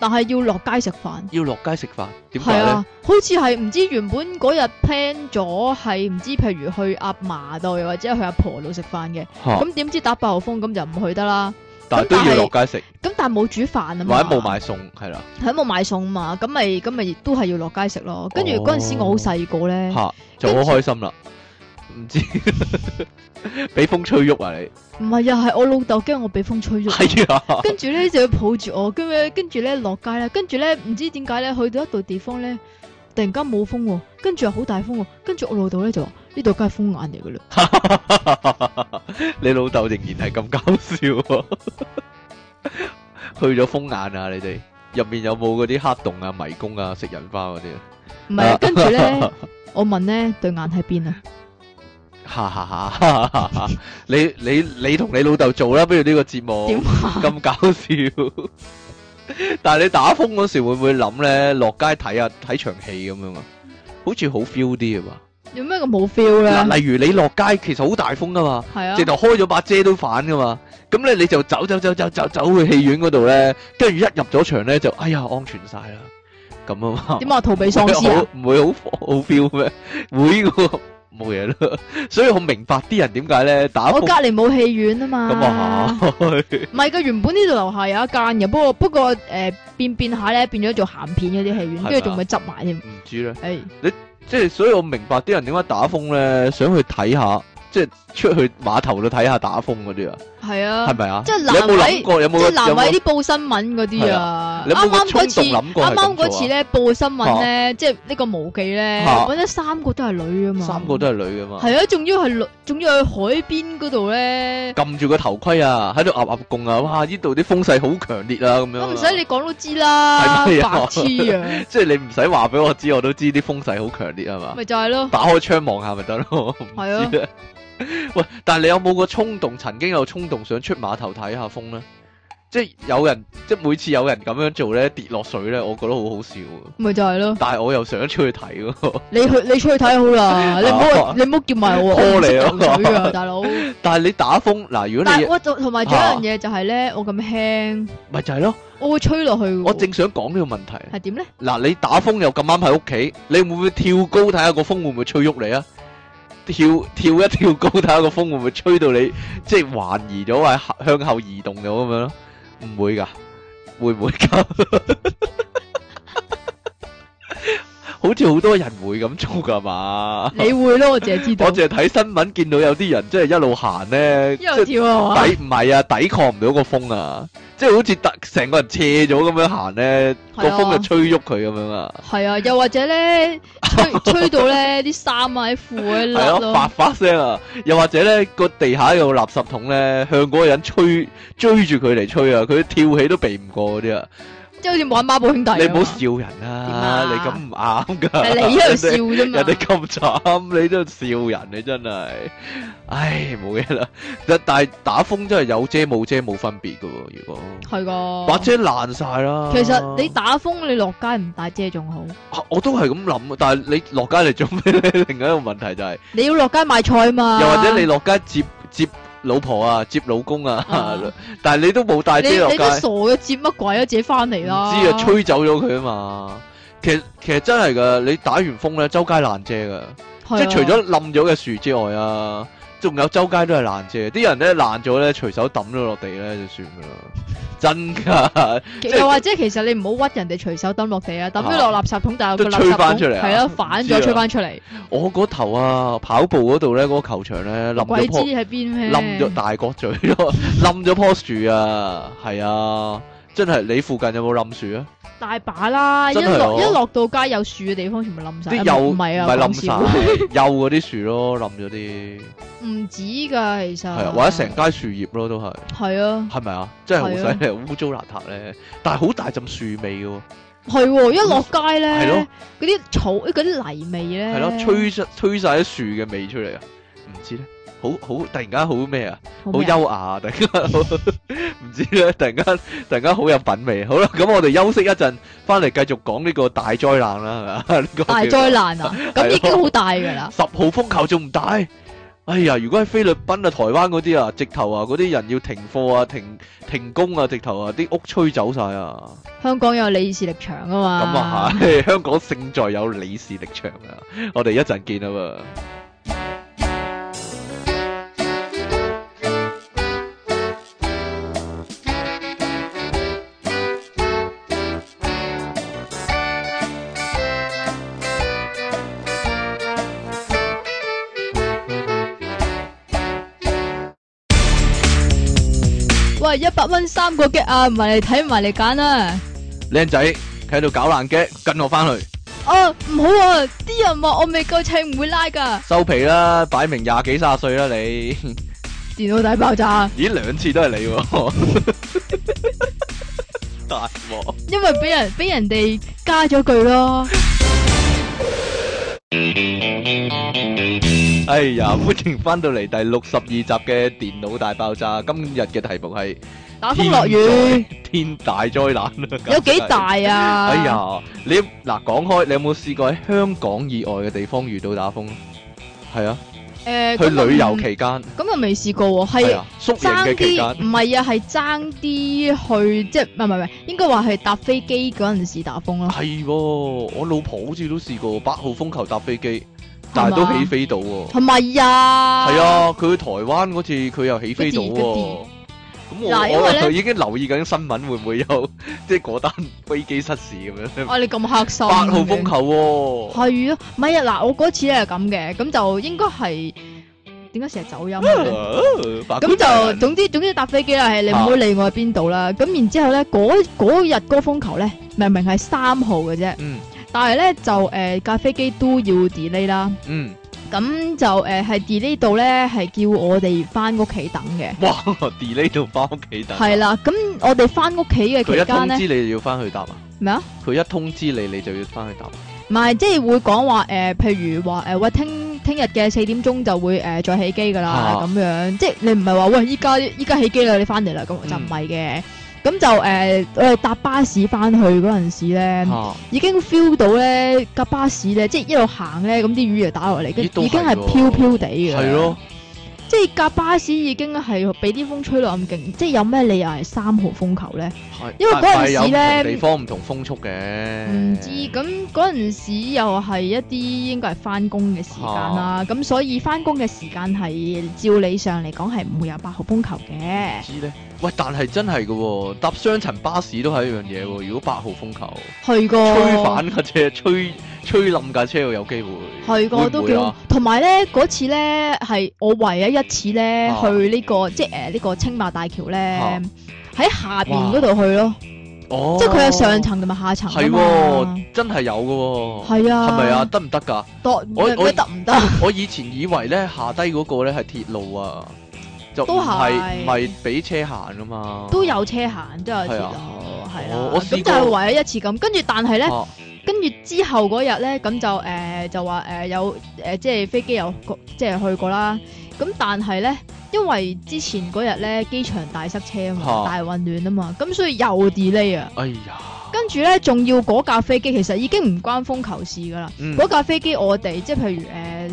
但係要落街食飯，要落街食飯，點解啊，好似係唔知原本嗰日 plan 咗係唔知，譬如去阿嫲度，又或者去阿婆度食飯嘅。咁點、啊嗯、知打八號風咁就唔去得啦。但都要落街食，咁但係冇煮飯啊嘛，或者冇買餸係啦，係冇買餸嘛，咁咪咁咪亦都係要落街食咯。哦、跟住嗰陣時我好細個咧，就好開心啦。唔知俾風吹喐啊你？唔係又係我老豆驚我俾風吹喐，係呀跟住咧就要抱住我，跟住跟住咧落街咧，跟住咧唔知點解咧去到一度地方咧，突然間冇風、啊，跟住又好大風、啊，跟住我老豆咧就。呢度梗係風眼嚟噶啦！ 你老豆仍然係咁搞笑， 去咗風眼啊！你哋入面有冇嗰啲黑洞啊、迷宮啊、食人花嗰啲啊？唔係，跟住咧，我問咧對 眼喺邊啊？哈哈哈！你你你同你老豆做啦，不如呢個節目點啊？咁搞笑。， 但係你打風嗰時會唔會諗咧？落街睇下睇場戲咁樣啊？好似好 feel 啲啊嘛！有咩咁冇 feel 咧？嗱、啊，例如你落街，其實好大風噶嘛，啊、直頭開咗把遮都反噶嘛。咁、嗯、咧你就走走走走走走去戲院嗰度咧，跟住一入咗場咧就哎呀安全晒啦，咁啊嘛。點解逃避喪屍、啊？唔 會好好 feel 咩？ 會個冇嘢咯。 所以我明白啲人點解咧打我隔籬冇戲院啊嘛。咁啊吓？唔係噶，原本呢度樓下有一間嘅，不過不過誒、呃、變變，變下咧變咗做鹹片嗰啲戲院，跟住仲會執埋添。唔嗎知啦。係是你。即係，所以我明白啲人點解打風咧，想去睇下，即係出去碼頭度睇下打風嗰啲啊。係啊，係咪啊？即係難為，有冇諗過？有冇有啲報新聞嗰啲啊？啱啱嗰次，啱啱嗰次咧報新聞咧，即係呢個毛記咧，搵得三個都係女啊嘛！三個都係女啊嘛！係啊，仲要係仲要去海邊嗰度咧，撳住個頭盔啊，喺度岌岌公啊，哇！呢度啲風勢好強烈啊。咁樣都唔使你講都知啦，白痴啊！即係你唔使話俾我知，我都知啲風勢好強烈啊嘛！咪就係咯，打開窗望下咪得咯，係啊。喂，但係你有冇個衝動？曾經有衝動想出碼頭睇下風咧？即係有人，即係每次有人咁樣做咧，跌落水咧，我覺得好好笑。咪就係咯。但係我又想出去睇咯。你去，你出去睇好啦，你唔好，你唔好叫埋我。我嚟咯，大佬。但係你打風，嗱，如果你但係我同埋仲有一樣嘢就係咧，我咁輕，咪就係咯。我會吹落去。我正想講呢個問題，係點咧？嗱，你打風又咁啱喺屋企，你會唔會跳高睇下個風會唔會吹喐你啊？跳跳一跳高，睇下個風會唔會吹到你，即係橫移咗，或向後移動咗咁樣咯？唔會噶，會唔會？ 好似好多人會咁做噶嘛？你會咯，我淨係知道。 我淨係睇新聞見到有啲人、啊、即係一路行咧，一路跳啊，抵唔係啊？抵抗唔到個風啊！即係好似特成個人斜咗咁樣行咧，個、啊、風就吹喐佢咁樣啊！係啊，又或者咧，吹到咧啲衫啊、啲褲啊甩咯、 啊，發發聲啊！又或者咧個地下有個垃圾桶咧，向嗰個人吹，追住佢嚟吹啊！佢跳起都避唔過嗰啲啊！即係好似玩《孖寶兄弟》咯，你唔好笑人啊！你咁唔啱噶，係你喺度笑啫嘛！人哋咁慘，你都笑人，你真係，唉，冇嘢啦。但但係打風真係有遮冇遮冇分別嘅喎。如果係個把遮爛晒啦。其實你打風你落街唔帶遮仲好。我都係咁諗，但係你落街嚟做咩咧？另外一個問題就係你要落街買菜嘛？又或者你落街接接？老婆啊，接老公啊，啊但係你都冇帶遮落你街。你你傻嘅，接乜鬼啊，自己翻嚟啦。知啊，吹走咗佢啊嘛。其實其實真係噶，你打完風咧，周街爛遮噶，啊、即係除咗冧咗嘅樹之外啊，仲有周街都係爛遮。啲人咧爛咗咧，隨手抌咗落地咧，就算噶啦。真噶，又或者其實你唔好屈人哋隨手抌落地啊，抌咗落垃圾桶，但係佢吹翻出嚟！係啊，反咗、啊、吹翻出嚟。我嗰頭啊，跑步嗰度咧，嗰、嗰個球場咧冧咗棵樹，鬼知喺邊咩？冧咗大角咀咯，冧咗棵樹啊，係啊。真係你附近有冇冧樹啊？大把啦，一落一落到街有樹嘅地方，全部冧晒。啲幼唔係啊，唔係冧曬，幼嗰啲樹咯，冧咗啲。唔止㗎，其實係啊，或者成街樹葉咯，都係。係啊。係咪啊？真係好犀利，污糟邋遢咧，但係好大陣樹味嘅喎。係喎，一落街咧。係咯。嗰啲草，嗰啲泥味咧。係咯，吹出吹曬啲樹嘅味出嚟啊！唔知咧。好好，突然間好咩啊，好優雅啊，突然間唔知咧，突然間 突然間好有品味，好啦，咁我哋休息一陣，翻嚟繼續講呢個大災難啦，係嘛？大災難啊，咁 已經好大噶啦， 十號風球仲唔大？哎呀，如果喺菲律賓啊、台灣嗰啲啊，直頭啊，嗰啲人要停課啊、停停工啊，直頭啊，啲屋吹走晒啊、哎！香港有李氏力場啊嘛，咁啊係，香港勝在有李氏力場啊！ 我哋一陣見啊嘛。一百蚊三個 gag 啊，唔係你睇唔係你揀啊！靚仔，佢喺度搞爛 gag，跟我翻去。哦，唔好啊！啲人話我未夠秤唔會拉噶。收皮啦，擺明廿幾卅歲啦你。電腦大爆炸。咦？兩次都係你。大鑊。因為俾人俾人哋加咗句咯。哎呀！歡迎翻到嚟第六十二集嘅電腦大爆炸。今日嘅題目係打風落雨，天大災難，有幾大呀？哎呀，你嗱講開，你有冇試過喺香港以外嘅地方遇到打風？係啊。誒，呃、去旅遊期間，咁又未試過喎，係啊，宿營嘅期間，唔係啊，係爭啲去，即係唔係唔係，應該話係搭飛機嗰陣時打風咯。係喎、啊，我老婆好似都試過八號風球搭飛機，但係都起飛到喎。係咪啊？係啊，佢、啊、去台灣嗰次佢又起飛到喎、啊。咁我我就已經留意緊新聞，會唔會有即係嗰單飛機失事咁樣？啊，你咁黑心！八號風球係啊，唔係啊，嗱，我嗰次咧係咁嘅，咁就應該係點解成日走音咧？咁就總之總之搭飛機啊，係你唔好理我喺邊度啦。咁然之後咧，嗰嗰日高風球咧，明明係三號嘅啫，但係咧就誒架飛機都要 delay 啦。咁就誒係 delay 度咧，係、呃、叫我哋翻屋企等嘅。哇 ，delay 度翻屋企等係啦。咁我哋翻屋企嘅期間咧，佢一通知你就要翻去答啊？咩啊麼？佢一通知你，你就要翻去答。唔係，即係會講話誒，譬如話誒、呃呃啊、喂，聽聽日嘅四點鐘就會誒再起機噶啦，咁樣即係你唔係話喂依家依家起機啦，你翻嚟啦，咁就唔係嘅。嗯咁就誒、呃，我哋搭巴士翻去嗰陣時咧，啊、已經 feel 到咧，搭巴士咧，即係一路行咧，咁啲雨就打落嚟，嗯、已經係飄飄地嘅。係咯的，即係搭巴士已經係俾啲風吹落咁勁，即係有咩理由係三號風球咧？的因為嗰陣時咧，地方唔同風速嘅。唔知咁嗰陣時又係一啲應該係翻工嘅時間啦，咁、啊、所以翻工嘅時間係照理上嚟講係唔會有八號風球嘅。知咧。喂，但係真係㗎喎，搭雙層巴士都係一樣嘢喎。如果八號風球，係喎，吹板架車，吹吹冧架車，又有機會。係喎，都幾好。同埋咧，嗰次咧係我唯一一次咧去呢個即係誒呢個青馬大橋咧，喺下邊嗰度去咯。哦，即係佢係上層同埋下層。係喎，真係有㗎喎。係啊，係咪啊？得唔得噶？我我得唔得？我以前以為咧下低嗰個咧係鐵路啊。都係，咪俾是車行噶嘛都？都有車行，都有次咯，係啦，啊。咁，哦，就係唯一一次咁。跟住，但係咧，跟住之後嗰日咧，咁就誒，呃、就話誒，呃，有誒，呃，即係飛機有即係去過啦。咁但係咧，因為之前嗰日咧機場大塞車啊嘛，啊大混亂啊嘛，咁所以又 delay 啊。哎呀～跟住咧，仲要嗰架飛機，其實已經唔關風球事噶啦。嗰、嗯、架飛機我哋即係譬如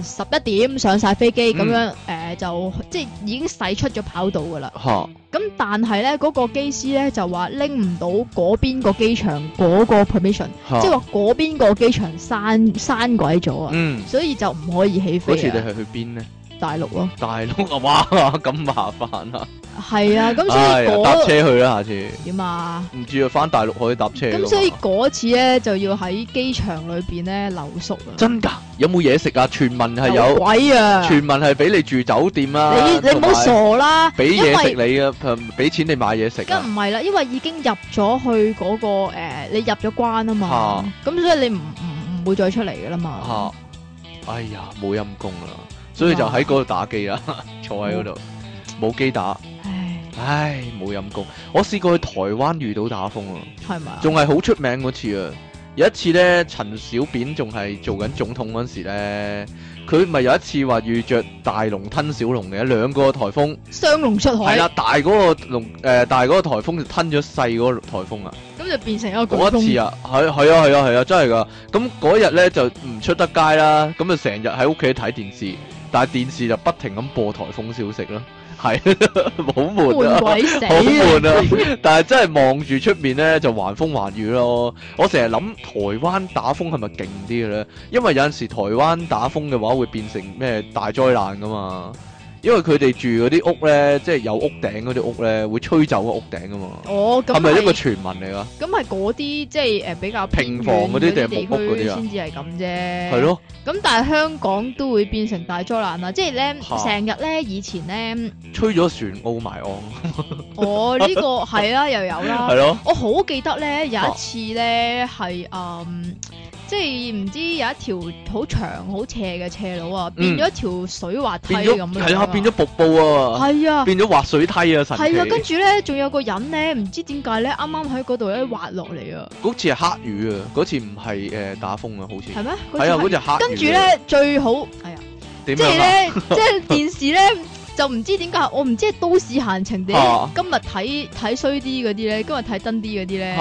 誒十一點上晒飛機咁、嗯、樣誒、呃，就即係已經駛出咗跑道噶啦。嚇哈！咁但係咧，嗰、嗰個機師咧就話拎唔到嗰邊個機場嗰個 permission，哈即係話嗰邊個機場閂閂鬼咗啊！嗯，所以就唔可以起飛。好似你係去邊咧？大陸咯。大陸啊嘛，咁、啊、麻煩啊！係啊，咁所以搭車去啦，下次點啊？唔知啊，返大陸可以搭車。咁所以嗰次咧就要喺機場裏邊咧留宿啊。真㗎？有冇嘢食啊？傳聞係有。鬼啊！傳聞係俾你住酒店啊。你你唔好傻啦。俾嘢食你啊？俾錢你買嘢食。梗唔係啦，因為已經入咗去嗰個誒，你入咗關啊嘛。嚇！咁所以你唔唔唔會再出嚟㗎啦嘛。嚇！哎呀，冇陰功啦，所以就喺嗰度打機啊，坐喺嗰度冇機打。唉，冇陰功。我試過去台灣遇到打風咯，係嘛？仲係好出名嗰次啊！有一次呢，陳小扁仲係做緊總統嗰時呢，佢咪有一次話遇着大龍吞小龍嘅兩個台風，雙龍出海係啊！大嗰個龍、呃、大嗰個台風就吞咗細嗰個台風啊！咁就變成一個嗰一次啊，係係啊係啊係啊，啊，啊，真係㗎、啊！咁嗰日呢，就唔出得街啦，咁就成日喺屋企睇電視，但係電視就不停咁播台風消息啦。係， 好悶啊，悶鬼 好悶啊！ 但係真係望住出面咧，就橫風橫雨咯。我成日諗台灣打風係咪勁啲嘅咧？因為有陣時台灣打風嘅話，會變成咩大災難㗎嘛。因為佢哋住嗰啲屋咧，即係有屋頂嗰啲屋咧，會吹走個屋頂㗎嘛。哦，咁係咪一個傳聞嚟㗎？咁係嗰啲即係誒比較平房嗰啲定係木屋嗰啲先至係咁啫。係咯。咁的但係香港都會變成大災難啊！即係咧，成哈日咧，以前咧，吹咗船澳埋岸。Oh、 哦，呢個係啊，又有啦。係咯的。我好記得咧，有一次咧係誒。哈即係唔知有一條好長好斜嘅斜路啊，變咗條水滑梯咁樣咯。係啊，變咗瀑布啊。係啊，變咗滑水梯啊，神奇。係啊，跟住咧，仲有個人咧，唔知點解咧，啱啱喺嗰度咧滑落嚟啊。嗰次係黑雨啊，嗰次唔係誒打風啊，好似。係咩？係啊，嗰次黑雨。跟住咧最好係啊，即係咧即係電視咧就唔知點解，我唔知係都市閒情定今日睇睇衰啲嗰啲咧，今日睇真啲嗰啲咧，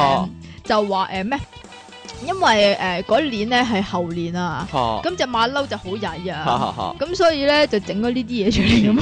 就話誒咩？因為誒嗰、呃、年咧係後年啊，咁隻馬騮就好曳啊，咁所以咧就整咗呢啲嘢出嚟。唔、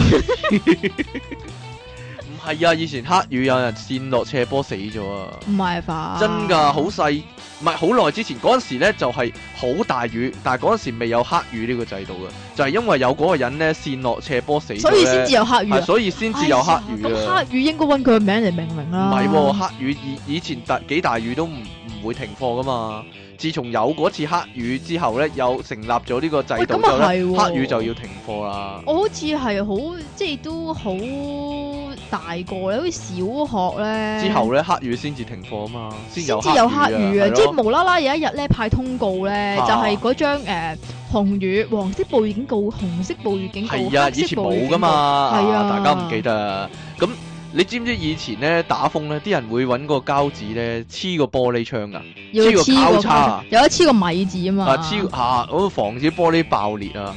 嗯、係 啊，以前黑雨有人跣落斜坡死咗啊，唔係吧？真㗎好細，唔係好耐之前嗰陣時咧就係、是、好大雨，但係嗰陣時未有黑雨呢個制度嘅，就係、是、因為有嗰個人咧跣落斜坡死所，所以先至有黑雨、啊，所以先至有黑雨。黑雨應該搵佢個名嚟命名啦，唔係黑雨以以前大幾大雨都唔。會停課噶嘛？自從有嗰次黑雨之後咧，又成立咗呢個制度咧，啊、黑雨就要停課啦。我好似係好，即係都好大個，好似小學咧。之後咧，黑雨先至停課啊嘛，先先至有黑雨啊，即係無啦啦有一日咧派通告咧，啊、就係嗰張誒紅雨黃色暴雨警告，紅色暴雨警告，係啊，以前冇噶嘛，係啊，啊大家唔記得啊咁。你知唔知以前咧打風咧，啲人會揾個膠紙咧，黐個玻璃窗㗎、啊，黐個交叉、啊，有得黐個米字啊嘛，黐嚇、啊，咁、啊、防止玻璃爆裂啊。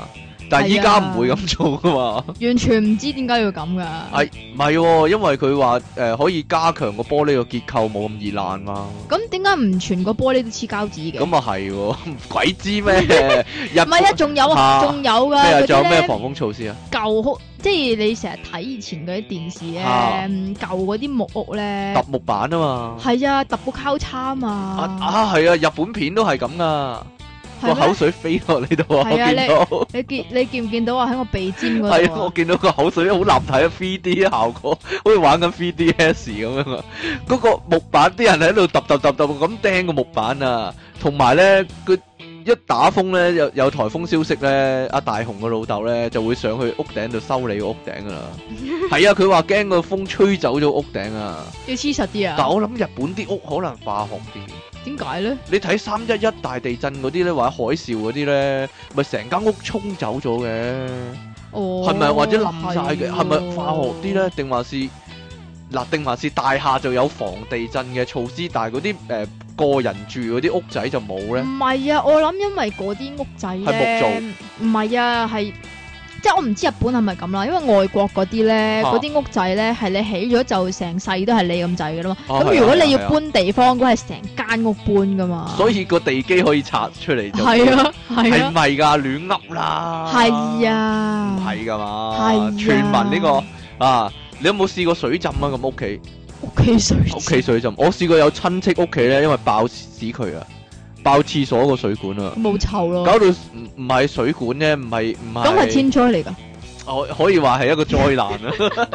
但依家唔會咁做噶嘛？完全唔知點解要咁噶？係唔係？因為佢話誒可以加強個玻璃個結構，冇咁易爛嘛？咁點解唔全個玻璃都黐膠紙嘅？咁啊係，鬼知咩？唔係啊，仲有啊，仲有噶。咩啊？仲有咩防風措施啊？舊屋即係你成日睇以前嗰啲電視咧，舊嗰啲木屋咧，揼木板啊嘛。係啊，揼部交叉啊嘛。啊，係啊，日本片都係咁噶。個口水飛落嚟度啊！我見到你，見你見唔見到啊？喺我鼻尖嗰度。係啊！我見到個口水好立體啊，3D 效果，好似玩緊 3DS 咁樣啊！嗰個木板啲人喺度揼揼揼揼，咁釘個木板啊！同埋咧，佢一打風咧，有有台風消息咧，阿大雄個老豆咧就會上去屋頂度修理個屋頂噶啦。係啊！佢話驚個風吹走咗屋頂啊！要黐實啲啊！但係我諗日本啲屋可能化學啲。點解咧？呢你睇，三一一大地震嗰啲咧，或者海嘯嗰啲咧，咪成間屋沖走咗嘅？哦，係咪或者冧晒嘅？係咪的化學啲咧？定話是嗱？定、啊、話是大廈就有防地震嘅措施，但係嗰啲誒個人住嗰啲屋仔就冇咧？唔係啊，我諗因為嗰啲屋仔係木造，唔係啊，係。即係我唔知日本係咪咁啦，因為外國嗰啲咧，嗰啲屋仔咧係你起咗就成世都係你咁滯嘅啦嘛。咁如果你要搬地方，嗰係成間屋搬㗎嘛。所以個地基可以拆出嚟就係咯，係咪㗎亂噏啦？係啊，唔係㗎嘛。係村民呢個啊，你有冇試過水浸啊？咁屋企屋企水屋企水浸，我試過有親戚屋企咧，因為爆屎佢啊。爆廁所個水管啊！冇臭咯，搞到唔唔係水管咧，唔係唔係。咁係天災嚟㗎，可可以話係一個災難 個啊！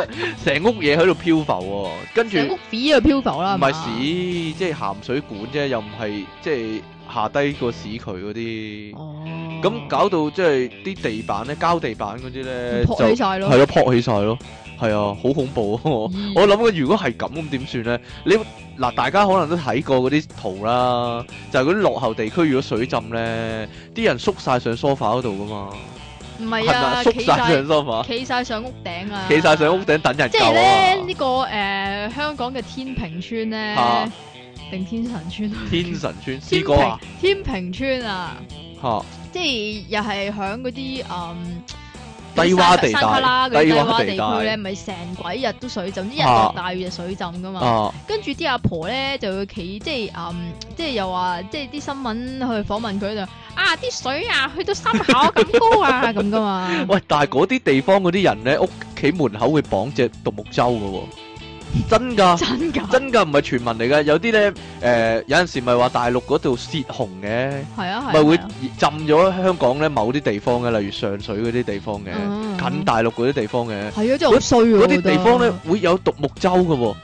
成屋嘢喺度漂浮，跟住屋屎啊漂浮啦，唔係屎，即係鹹水管啫，又唔係即係下低個屎渠嗰啲。哦，咁搞到即係啲地板咧，膠地板嗰啲咧就係咯，撲起晒咯。係啊，好恐怖，啊！嗯、我諗如果係咁，點算咧？你嗱，大家可能都睇過嗰啲圖啦，就係嗰啲落後地區，如果水浸咧，啲人縮晒上 sofa 嗰度噶嘛？唔係啊，縮晒上 sofa，企晒上屋頂啊！企晒上，上屋頂等人即係聽呢、呢個誒、uh, 香港嘅天平村咧，定、啊天，啊、天神村？天神村，師哥、啊、天平村啊，即係、啊、又係響嗰啲嗯。Um, 低洼地、山卡拉啲低洼地區咧，唔係成鬼日都水浸，啲人落大雨就水浸噶嘛。啊、跟住啲阿婆咧，就會企，即係、嗯、啊，即係又話，即係啲新聞去訪問佢就啊，啲水啊，去到三口咁高啊，咁噶 嘛。喂，但係嗰啲地方嗰啲人咧，屋企門口會綁隻獨木舟噶喎、哦。真噶， 真噶的，真噶唔係傳聞嚟嘅。有啲咧，誒、呃、有陣時咪話大陸嗰度泄洪嘅，咪、啊啊、會浸咗香港咧某啲地方嘅，例如上水嗰啲地方嘅，嗯、近大陸嗰啲地方嘅。係啊，真係好衰，嗰啲地方咧會有獨木舟嘅喎。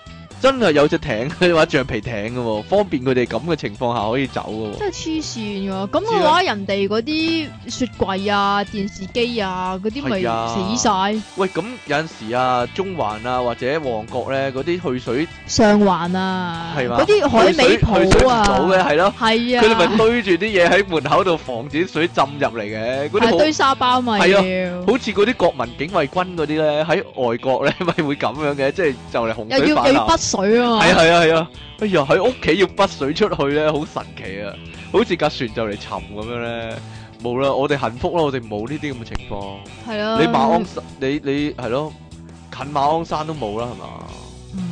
真係有隻艇，佢話橡皮艇嘅喎，方便佢哋咁嘅情況下可以走㗎喎。真係黐線㗎！咁嘅話，人哋嗰啲雪櫃啊、電視機啊嗰啲咪死晒。喂，咁有陣時啊，中環啊或者旺角咧嗰啲去水上環啊，係嘛？嗰啲海味鋪啊，係咯。係啊。佢哋咪堆住啲嘢喺門口度，防止啲水浸入嚟嘅。嗰啲堆沙包咪係啊，好似嗰啲國民警衛軍嗰啲咧，喺外國咧咪會咁樣嘅，即係就嚟洪水泛濫。水啊， 啊！係係啊係啊！哎呀，喺屋企要滗水出去咧，好神奇啊！好似架船就嚟沉咁樣咧。冇啦，我哋幸福啦，我哋冇呢啲咁嘅情況。係啊！你馬鞍山、嗯，你你係咯、啊，近馬鞍山都冇啦，係嘛？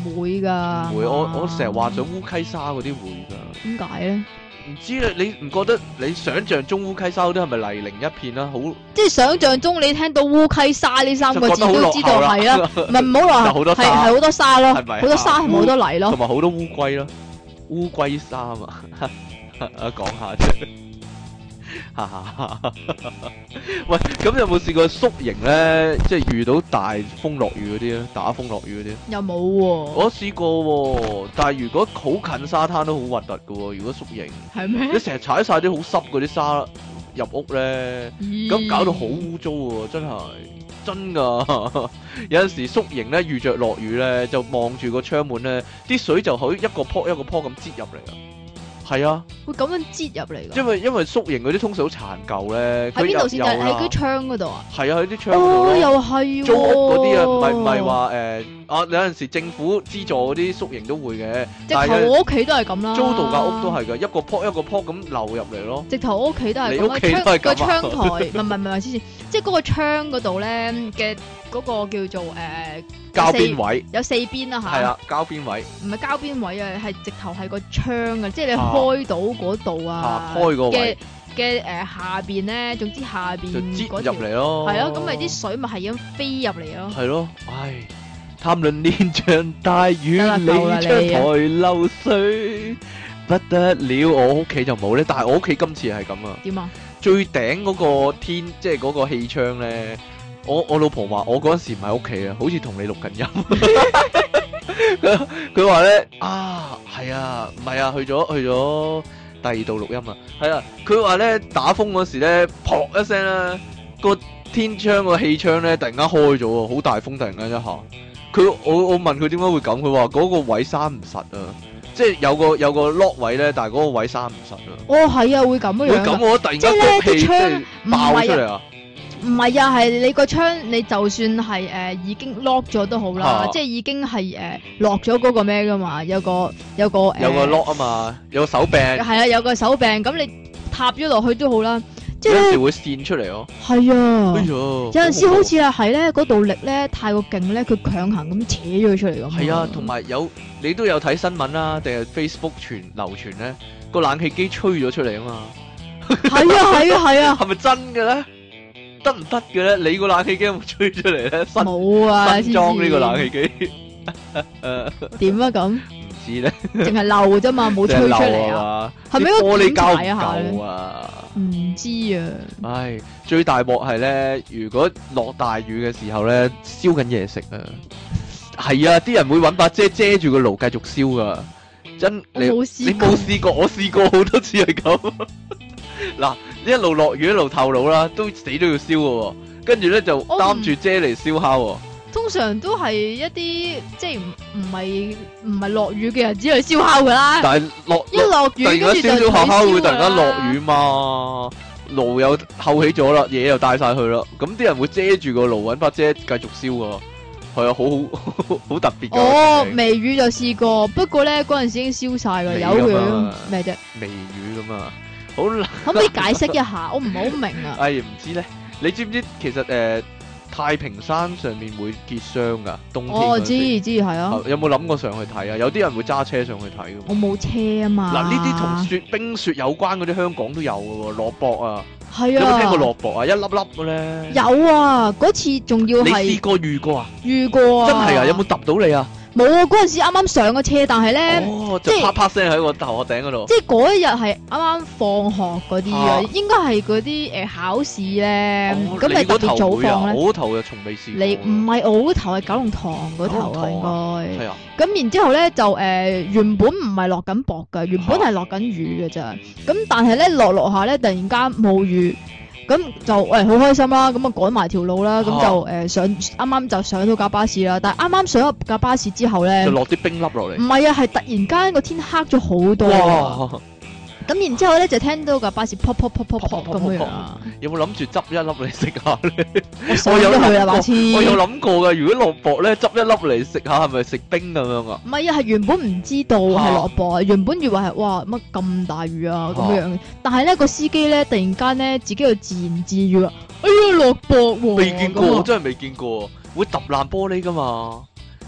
唔會噶，唔會。啊、我我成日話咗烏溪沙嗰啲會噶。點解咧？唔知咧，你唔覺得你想像中烏溪沙嗰啲係咪泥濘一片啦、啊？好即係想像中，你聽到烏溪沙呢三個字都知道係啊？唔係唔好落後啦，係係好多沙咯，好多沙冇好多泥咯，同埋好多烏龜咯，烏龜沙啊！ 講一下啫。 哈哈，吓！ 喂，咁有冇試過宿營咧？即係遇到大風落雨嗰啲咧，打風落雨嗰啲，有冇喎。我試過、哦，但係如果好近沙灘都好核突噶。如果宿營，係咩嗎？你成日踩晒啲好濕嗰啲沙入屋咧，咁、嗯、搞到好污糟啊！真係真噶。 有陣時宿營咧遇着落雨咧，就望住個窗門咧，啲水就好似一個坡一個坡咁接入嚟噶。係啊，會咁樣擠入嚟噶。因為因為宿營嗰啲通常好殘舊咧，喺邊度先？就喺啲窗嗰度啊。係啊，喺啲窗度啦。做嗰啲啊，唔係唔係話誒。啊！有陣時政府資助嗰啲宿營都會嘅，直頭我屋企都係咁啦，租度假屋都係嘅，一個坡一個坡咁流入嚟咯。直頭我屋企都係，你屋企個窗台唔唔唔唔，先先，即係嗰個窗嗰度咧嘅嗰個叫做誒膠邊位，有四邊啦嚇。係啊，膠邊位，唔係膠邊位啊，係直頭係個窗啊，即係你開到嗰度啊，嘅嘅誒下邊咧，總之下邊就接入嚟咯，係咯，咁咪啲水咪係咁飛入嚟咯，係咯，唉。談論連場大雨了，流你出台漏水不得了。我屋企就冇咧，但係我屋企今次係咁啊。點啊？最頂嗰個天，即係嗰個氣窗咧。我我老婆話：我嗰時唔喺屋企啊，好似同你錄緊音。佢佢話咧：啊，係啊，唔係啊，去咗去咗第二度錄音啊。係啊，佢話咧打風嗰時咧，撲一聲啦。個天窗、個氣窗咧，突然間開咗喎，好大風，突然間一下。佢我我問佢點解會咁？佢話嗰個位閂唔實啊，即係有個有個 lock 位咧，但係嗰個位閂唔實啊。哦，係啊，會咁樣，啊、樣。會咁我覺得突然間啲窗個窗窗 爆出嚟啊！唔係啊，係、啊、你個窗，你就算係誒、呃、已經 lock 咗都好啦，啊、即係已經係誒、呃、落咗嗰個咩㗎嘛，有個有個誒。有個，呃、有個 lock 啊嘛，有個手柄、呃。係啊，有個手柄，咁你撻咗落去都好啦。有陣時會濺出嚟。哦，係啊，有陣時好似又係咧，嗰度力咧太過勁咧，佢強行咁扯咗佢出嚟咁。係啊，同埋有你都有睇新聞啦，定係 Facebook 傳流傳咧個冷氣機吹咗出嚟啊嘛。係啊，係啊，係啊，係咪真嘅咧？得唔得嘅咧？你個冷氣機有冇吹出嚟咧？冇啊，裝呢個冷氣機。點啊咁？唔知咧，淨係漏嘅啫嘛，冇吹出嚟啊。係咪個玻璃膠啊？唔知啊！唉、哎，最大鑊係咧，如果落大雨嘅時候咧，燒緊嘢食啊，係啊，啲人會搵把遮遮住個爐繼續燒噶，真你冇試你冇試過，我試過好多次係咁。嗱， 一路落雨一路透爐啦，都死都要燒噶，哦，跟住咧就擔住遮嚟燒烤，哦。通常都係一啲即係唔唔係唔係落雨嘅日子去燒烤噶啦，但一落雨，突然間燒烤會突然間落雨嘛，爐又厚起咗啦，嘢又帶晒去啦，咁啲人會遮住個爐，搵把遮繼續燒噶，係啊，好好好特別嘅。哦，微雨就試過，不過咧嗰陣時已經燒晒啦，有嘅咩啫？微雨咁啊，好難。可唔可以解釋一下？我唔係好明啊。哎唔知咧，你知唔知其實誒？太平山上面會結霜噶，冬天嗰陣時。哦，知，知，係啊。有冇諗過上去睇啊？有啲人會揸車上去睇噶。我冇車啊嘛。嗱，呢啲同雪、冰雪有關嗰啲香港都有嘅喎，落雹啊。係啊。有冇聽過落雹啊？一粒粒嘅咧。有啊，嗰次仲要係。你試過遇過啊？遇過啊。真係啊！有冇揼到你啊？冇啊！嗰陣時啱啱上個車，但係咧，oh, 即係啪啪聲喺我頭殼頂嗰度。即係嗰一日係啱啱放學嗰啲啊，應該係嗰啲誒考試咧，咁咪、oh, 特別早放咧。你嗰頭就、啊、我嗰頭從未試過。你唔係我嗰頭係九龍塘嗰頭塘啊，應該。係啊。咁然之後咧就誒原本唔係落緊雹嘅，原本係落緊雨嘅咋。咁、啊、但係咧落落下咧，突然間冇雨。咁就誒好開心啦、啊，咁啊趕埋條路啦，咁、oh. 就誒、呃、上啱啱就上到架巴士啦，但係啱啱上咗架巴士之後咧，就落啲冰粒落嚟。唔係啊，係突然間個天黑咗好多哇。咁然之後咧就聽到個巴士 pop pop pop pop pop 咁樣，有冇諗住執一粒嚟食下咧？所有都係啊，貌我有諗過嘅。如果落雹咧，執一粒嚟食下，係咪食冰咁樣啊？唔係啊，係原本唔知道係落雹啊。原本以為係哇乜咁大雨啊咁樣，但係咧個司機咧突然間咧自己又自言自語話，哎呀落雹喎！未見過，真係未見過，會揼爛玻璃㗎嘛？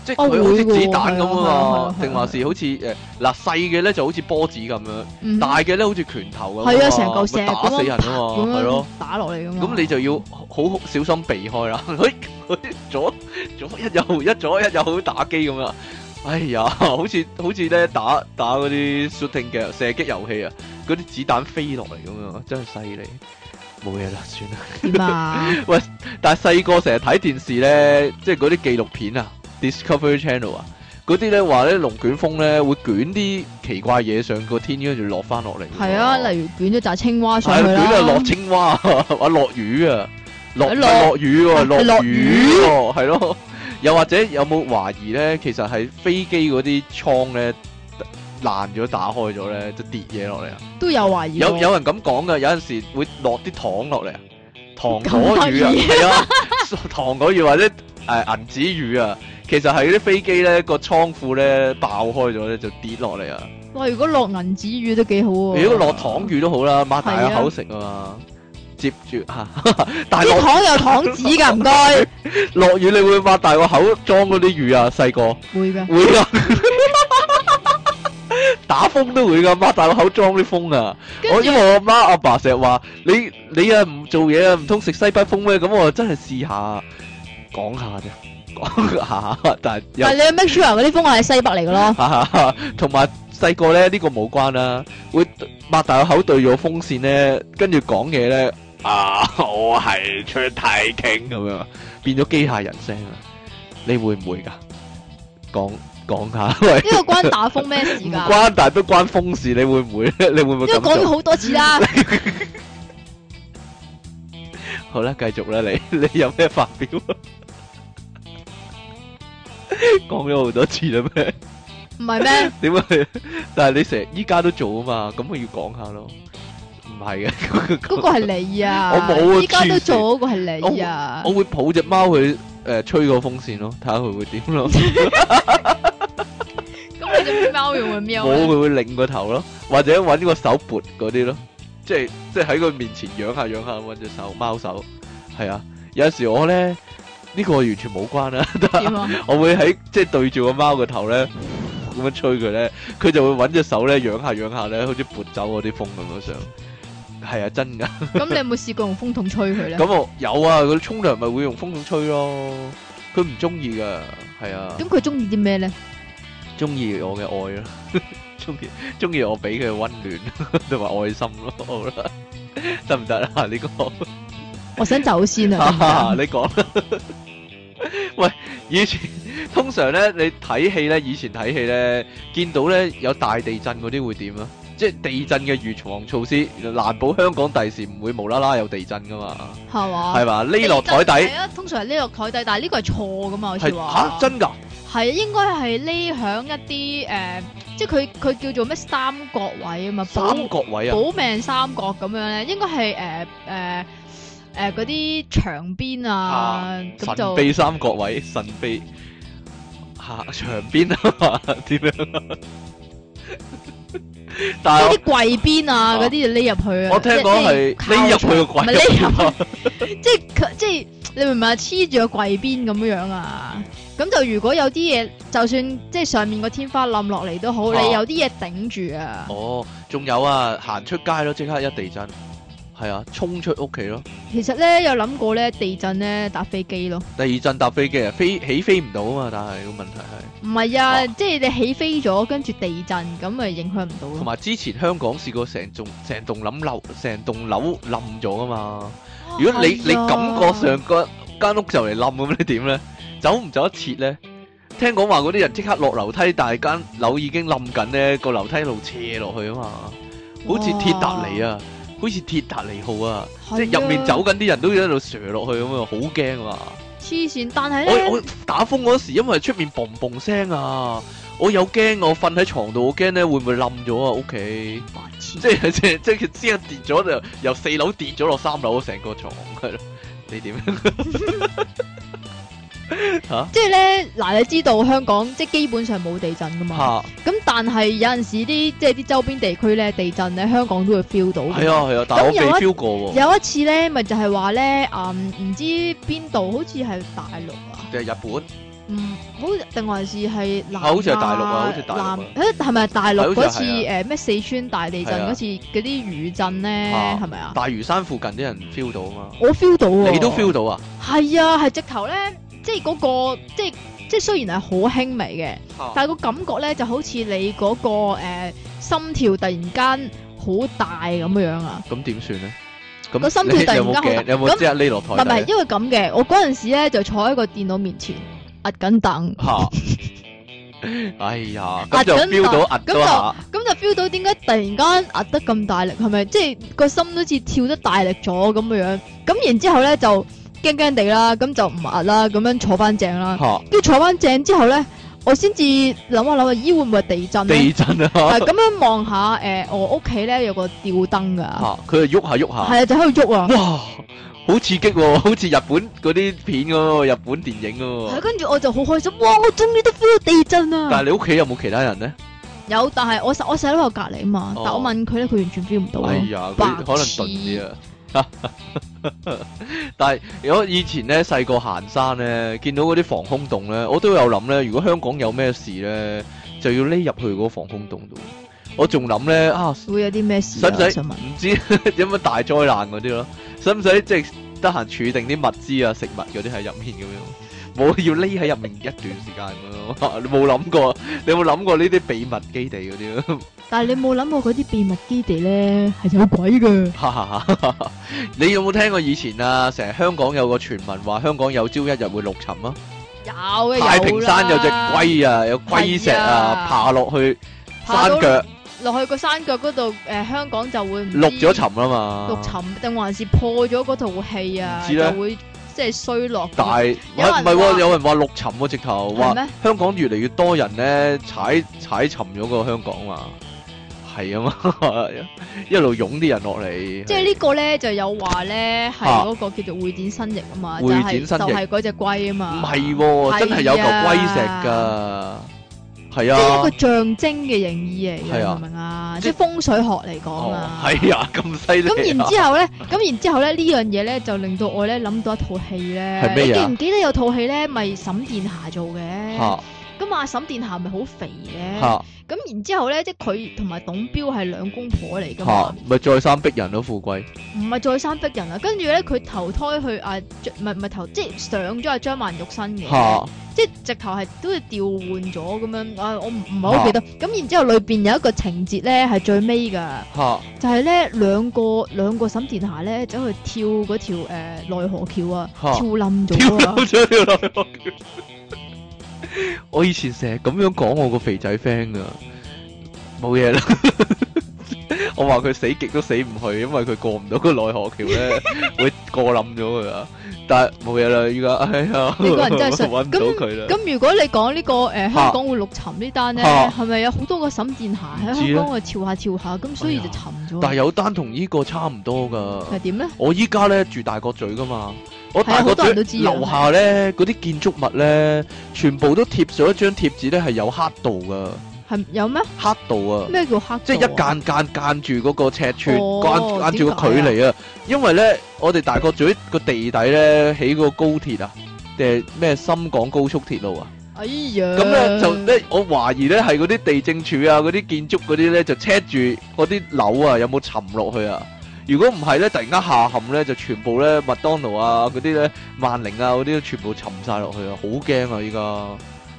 即佢、哦、好似子彈咁啊的嘛，定話是好似誒嗱細嘅咧就好似波子咁樣，嗯、大嘅咧好似拳頭咁啊，成、嗯嗯嗯、打死人啊嘛，係咯，喏打落嚟咁。咁你就要好，好小心避開啦。 左左一右一左一右打機咁啊！哎呀，好似好似咧打打嗰啲 shooting 嘅射擊遊戲啊，嗰啲子彈飛落嚟咁啊，真係犀利！冇嘢啦，算啦。喂，但係細個成日睇電視咧，即係嗰啲紀錄片啊。Discovery Channel 啊，嗰啲咧話咧龍捲風咧會捲啲奇怪嘢上個天，跟住落翻落嚟。係啊，例如捲咗隻青蛙上嚟。係、啊，捲啊落青蛙，或落雨啊，落落雨啊，是落雨喎，啊，係咯、啊。 又或者有冇懷疑咧？其實係飛機嗰啲倉咧爛咗，打開咗咧，就跌嘢落嚟啊。都有懷疑有。有有人咁講噶，有陣時會落啲糖落嚟啊，糖果雨樣啊，係 啊，糖果雨或者誒銀紙雨啊。其實係啲飛機咧個倉庫咧爆開咗咧就跌落嚟啊！哇，如果落銀紙雨都幾好啊！如果落糖雨都好啦，啊，擘大個口食啊嘛，啊接住吓，大，啊，糖有糖紙噶，唔該。落雨你會擘大個口裝嗰啲雨啊？細個會噶會啊，打風都會噶，擘大個口裝啲風啊！著我因為我媽阿爸成日話你你啊唔做嘢，啊唔通食西北風咩？咁我就真係試下講下啫。講下，但係但係你 make sure 啊？嗰啲風係西北嚟噶咯，同埋細個咧呢個冇關啦。會擘大個口對住個風扇咧，跟住講嘢咧，啊我係出太傾咁樣，變咗機械人聲啊！你會唔會噶？講講下喂，呢個關打風咩事噶？關但都關風事，你會唔會？你會唔會？因為講咗好多次啦。好啦，繼續啦，你你有咩發表？講咗好多次啦咩？唔係咩？點解？但係你成日依家都做啊嘛，咁我要講下咯。唔係嘅，嗰個係你啊！我冇啊，依家都做嗰個係你啊！我會抱隻貓去誒吹個風扇咯，睇下佢會點咯。咁隻貓會唔會喵啊？我會會擰個頭咯，或者搵個手撥嗰啲咯，即係即係喺佢面前養下養下搵隻手貓手，係啊。有時我咧。呢個完全冇關啦，何我會喺即係對住個貓個頭咧，咁樣吹佢咧，佢就會揾隻手咧，養下養下咧，好似撥走嗰啲風咁樣上。係啊，真噶。咁你有冇試過用風筒吹佢咧？咁一集、嗯、我有啊，佢沖涼咪會用風筒吹咯。佢唔中意噶，係、嗯、啊。咁佢中意啲咩咧？中意我嘅愛啦，中意中意我俾佢溫暖同埋愛心咯，好啦，得唔得啊？呢個我想走先啊，你講。一言你喂，以前通常咧，你睇戲咧，以前睇戲咧，見到咧有大地震嗰啲會點啊？即係地震嘅預防措施，難保香港第時唔會無啦啦有地震噶嘛？係嘛吧？係嘛吧？匿落台底係啊，通常係匿落台底，是但係呢個係錯噶嘛？好似吓、啊、真噶？係應該係匿響一啲誒、呃，即係佢佢叫做咩三角位啊嘛？三角位啊？保命三角咁樣咧，應該係誒誒。呃呃呃誒，嗰啲牆邊啊，咁、啊、就地三角位神秘吓牆邊啊嘛，點樣？但係嗰啲櫃邊啊，嗰啲就匿入去啊。我聽講係匿入去個櫃邊，即係即係你明唔明啊？黐住個櫃邊咁樣樣啊，咁 就如果有啲嘢，就算即係上面個天花冧落嚟都好，啊、你有啲嘢頂住啊。哦，仲有啊，行、啊、出街咯，即刻一地震。係啊，衝出屋企咯。其實咧，有諗過咧，地震咧搭飛機咯。地震搭飛機啊，飛起飛唔到啊嘛，但係個問題係唔係啊？哇即係你起飛咗，跟住地震咁咪影響唔到。同埋之前香港試過成棟成棟冧樓，成棟樓冧咗啊嘛。如果你、啊啊、你感覺上個間屋就嚟冧咁，你點咧？走唔走得切咧？聽講話嗰啲人即刻落樓梯，但係間樓已經冧緊咧，個樓梯一路斜落去啊嘛，好似鐵達尼啊。啊好似鐵達尼號啊！啊即係入面走緊啲人都要喺度瀡落去咁啊，好驚啊！黐線，但係我我打風嗰時，因為出面嘣嘣聲啊，我有驚，我瞓喺床度，我驚咧會唔會冧咗啊？屋、OK? 企，即係即係即係佢之後跌咗就由四樓跌咗落三樓，成個床。係咯，啊，你點？ 吓，即係咧嗱，你知道香港即係基本上冇地震噶嘛？咁但係有陣時啲即係啲周邊地區咧地震咧，香港都會 feel 到嘅。係啊係啊，但我未 feel 過。有一次咧，咪就係話咧，唔知邊度，好似係大陸啊，定係日本？嗯，好定還是係好似係大陸啊，好似大陸。誒，係咪大陸嗰次誒咩四川大地震嗰次嗰啲餘震咧？係咪啊？大嶼山附近啲人 feel 到啊嘛，我 feel 到，你都 feel 到啊？係啊，係直頭咧。即係嗰個，即係即係雖然係好輕微嘅，但係個感覺咧就好似你嗰個誒心跳突然間好大咁樣樣啊！咁點算咧？個心跳突然間好大咁，有冇即刻匿落枱底？唔係因為咁嘅。我嗰陣時咧就坐喺個電腦面前壓緊凳。吓！哎呀，壓緊到壓到啊！咁就咁就 feel 到，點解突然間壓得咁大力？係咪即係個心都似跳得大力咗咁樣樣？咁然之後咧就。驚驚地啦，咁就唔壓啦，咁樣坐翻正啦。跟住哈坐翻正之後咧，我先至諗下諗下，咦會唔會地震咧？地震啊！咁樣望下誒、呃，我屋企咧有個吊燈噶。吓，佢係喐下喐下。係啊，就喺度喐啊！哇，好刺激喎、哦，好似日本嗰啲片噶、哦，日本電影噶、哦。係、啊，跟住我就好開心，哇！我終於都 feel 到地震啊！但係你屋企有冇其他人咧？有，但係我我細佬喺我隔籬嘛。哦、但我問佢咧，佢完全 feel 唔到啊。哎呀呦，可能鈍啲啊。 但係如果以前咧細個行山咧，見到嗰啲防空洞咧，我都有諗咧。如果香港有咩事咧，就要匿入去嗰個防空洞度。我仲諗咧啊，會有啲咩事、啊？使唔使唔知 災、就是、有冇大災難嗰啲咯？使唔使即係得閒儲定啲物資啊、食物嗰啲喺入面咁樣？冇， 要匿喺入面一段時間咯， 你冇諗過？你有冇諗過呢啲秘密基地嗰啲？但係你冇諗過嗰啲秘密基地咧係有鬼嘅。 你有冇聽過以前啊？成日香港有個傳聞話香港有朝一日會陸沉啊！有太的平山有隻龜啊，有龜石啊，的爬落去山腳，落去個山腳嗰度誒，香港就會陸咗沉啊嘛。陸沉定還是破咗嗰套戲啊？知會。即係衰落，但係唔係喎？有人話六沉個直頭，話嗎香港越嚟越多人咧踩踩沉咗個香港嘛，係啊嘛， 一路湧啲人落嚟。即係呢個咧就有話咧係嗰個叫做會展新翼啊嘛，會展新翼就係就係嗰隻龜啊嘛，唔係喎，的真係有嚿龜石㗎。係啊，即係一個象徵嘅隱義嚟嘅，明唔明啊？明即係風水學嚟講，哦、啊。係啊，咁犀利。咁 然之後咧，咁然之後咧，呢樣嘢咧就令到我咧諗到一套戲咧。係咩啊？你記唔記得有套戲咧，咪沈殿霞做嘅？咁阿、嗯、沈殿霞咪好肥嘅，咁哈然之後咧，即係佢同埋董彪係兩公婆嚟噶嘛，咪哈、嗯、再三逼人咯，富貴，唔係再三逼人啊，跟住咧佢投胎去阿、啊，唔係唔係投，即係上咗阿張曼玉身嘅，哈即係直頭係都要調換咗咁樣，啊我唔唔係好記得，咁哈然之後裏邊有一個情節咧係最尾噶，哈就係咧兩個兩個沈殿霞咧走去跳嗰條誒奈何橋啊，跳冧咗啦。我以前成日咁樣講我個肥仔 friend 噶，冇嘢啦。我話佢死極都死唔去，因為佢過唔到個奈何橋咧， 會過冧咗佢啊。但係冇嘢啦，依家哎呀，呢個人真係衰，搵唔 到佢啦。咁如果你講呢、這個誒、呃、香港會陸沉單呢單咧，係咪、啊、有好多個沈殿霞喺香港去跳下跳下，咁所以就沉咗？哎、呀但係有單同呢個差唔多噶。係點咧？我依家咧住大角咀噶嘛。我大角咀樓下咧，嗰啲建築物咧，全部都貼上一張貼紙咧，係有刻度噶。係有咩？刻度啊！咩叫刻度啊？即係一間間間，間住嗰個尺寸，間噢間住個距離啊！為因為咧，我哋大角咀個地底咧起個高鐵啊，定係咩深港高速鐵路啊？哎呀！咁咧就咧，我懷疑咧係嗰啲地政署啊、嗰啲建築嗰啲咧就 check 住嗰啲樓啊有冇沉落去啊？如果唔係咧，突然間下陷咧，就全部咧麥當勞啊嗰啲咧，萬寧啊嗰啲全部沉晒落去啊！好驚啊依家，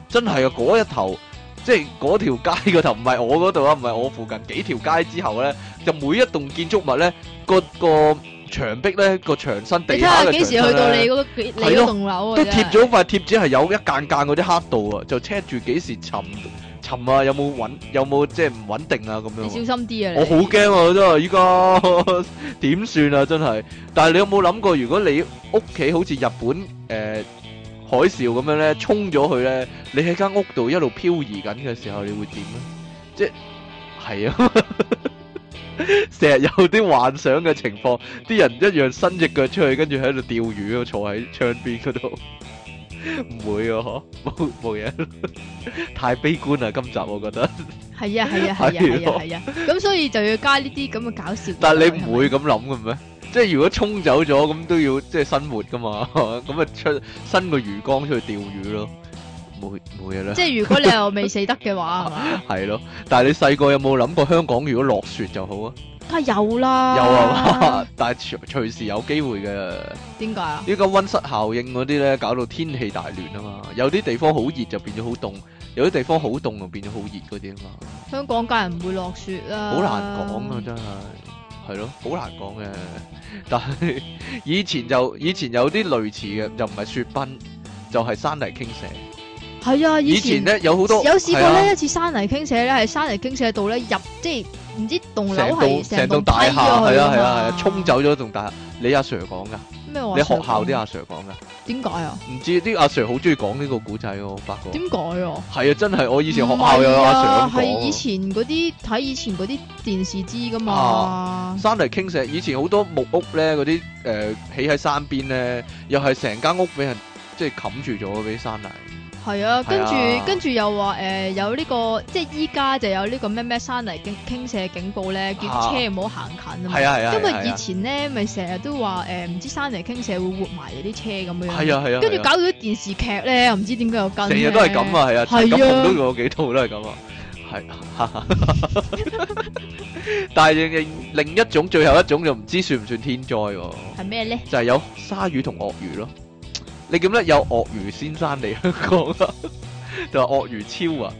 真係啊嗰一頭，即係嗰條街個頭唔係我嗰度啊，唔係我附近幾條街之後咧，就每一棟建築物咧個、嗰個牆壁咧個牆身地牆身，你睇下幾時去到你嗰、嗰、幾、個、你嗰棟樓啊？啊都貼咗塊貼紙係有一間間嗰啲黑道啊，就車住幾時沉。沉啊！有冇穩？有冇即係唔穩定啊？咁樣小心啲啊！我好驚啊！真係依家點算啊！真係。但係你有冇諗過，如果你屋企好似日本誒海嘯咁樣咧，沖咗去咧，你喺間屋度一路漂移緊嘅時候，你會點咧？即係啊！成日有啲幻想嘅情況，啲人一樣伸隻腳出去，跟住喺度釣魚啊，坐喺窗邊嗰度。唔 會哦，呵，冇冇嘢，太悲觀啦，今集我覺得係啊係啊係啊係啊，咁所以就要加呢啲咁嘅搞笑。但係你唔會咁諗嘅咩？ 即係如果沖走咗，咁都要即係生活噶嘛？咁啊出新個魚缸出去釣魚咯，冇冇嘢啦。即係如果你又未死得嘅話，係咯、 啊啊。但係你細個有冇諗過香港如果落雪就好啊？梗係有啦，有啊了 但係隨時有機會嘅。點解啊？呢個溫室效應嗰啲咧，搞到天氣大亂啊嘛！有啲地方好熱就變咗好凍，有啲地方好凍就變咗好熱嗰啲啊嘛！香港梗係唔會落雪啦，好難講啊！真係係咯，好難講嘅。但 係以前就以前有啲類似嘅，就唔係雪崩，就係、是、山泥傾瀉。係啊，以前咧有好多時有試過呢、啊、一次山泥傾瀉咧，喺山泥傾瀉度咧入即、就是唔知棟樓係成棟大廈，係啊係啊係啊，沖走咗棟大廈。你阿 sir 講噶咩話？麼你學校啲阿 sir 講噶點解啊？唔知啲阿 sir 好中意講呢個古仔，我發覺點解啊？係啊，真係我以前學校有阿 sir 咁，係以前嗰啲睇以前嗰啲電視知噶嘛、啊。山泥傾瀉，以前好多木屋咧，嗰啲誒起喺山邊咧，又係成間屋俾人即係冚住咗俾山泥。係 啊，跟住跟住又話誒、呃、有呢、呢個，即係依家就有呢個咩咩山泥傾傾瀉警報咧，叫車唔好行近啊嘛。啊係啊。因為以前咧，咪成日都話誒唔知山泥傾瀉會活埋啲車咁樣。係啊係啊。啊跟住搞到電視劇咧，唔知點解又跟。成日都係咁啊，係啊。係啊。都仲有幾套都係咁啊。係。但係另一種最後一種就唔知算唔算天災喎？係咩咧？就係有鯊魚同鱷魚咯。你覺唔覺得有鱷魚先生嚟香港 鱷啊？就話鱷魚超啊，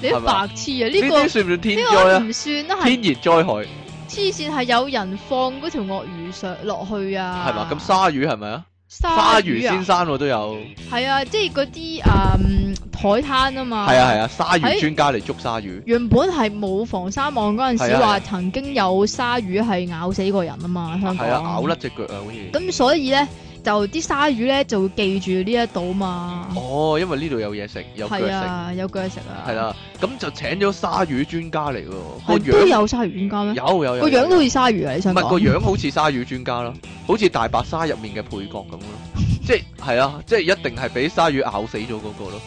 你白痴啊！呢個算唔算天災啊？唔算，係天然災害。黐線係有人放嗰條鱷魚上落去啊？係嘛？咁鯊魚係咪啊？鯊魚先生都有。係啊，即係嗰啲誒海灘啊嘛。係啊係啊，鯊魚專家嚟捉鯊魚。原本係冇防鯊網嗰陣時、啊，話曾經有鯊魚係咬死個人啊嘛，香港。係啊，咬甩隻腳啊，好似。咁所以咧。就啲鯊魚咧就會記住呢一度嘛。哦，因為呢度有嘢食，有食、啊，有食啊。係啦，咁就請咗鯊魚專家嚟喎。係都是有鯊魚專家咩？有有有。個樣都好似鯊魚啊！你唔係個樣好似鯊魚專家咯，好似大白鯊入面嘅配角咁咯。 即係係啊，即係一定係俾鯊魚咬死咗嗰個咯。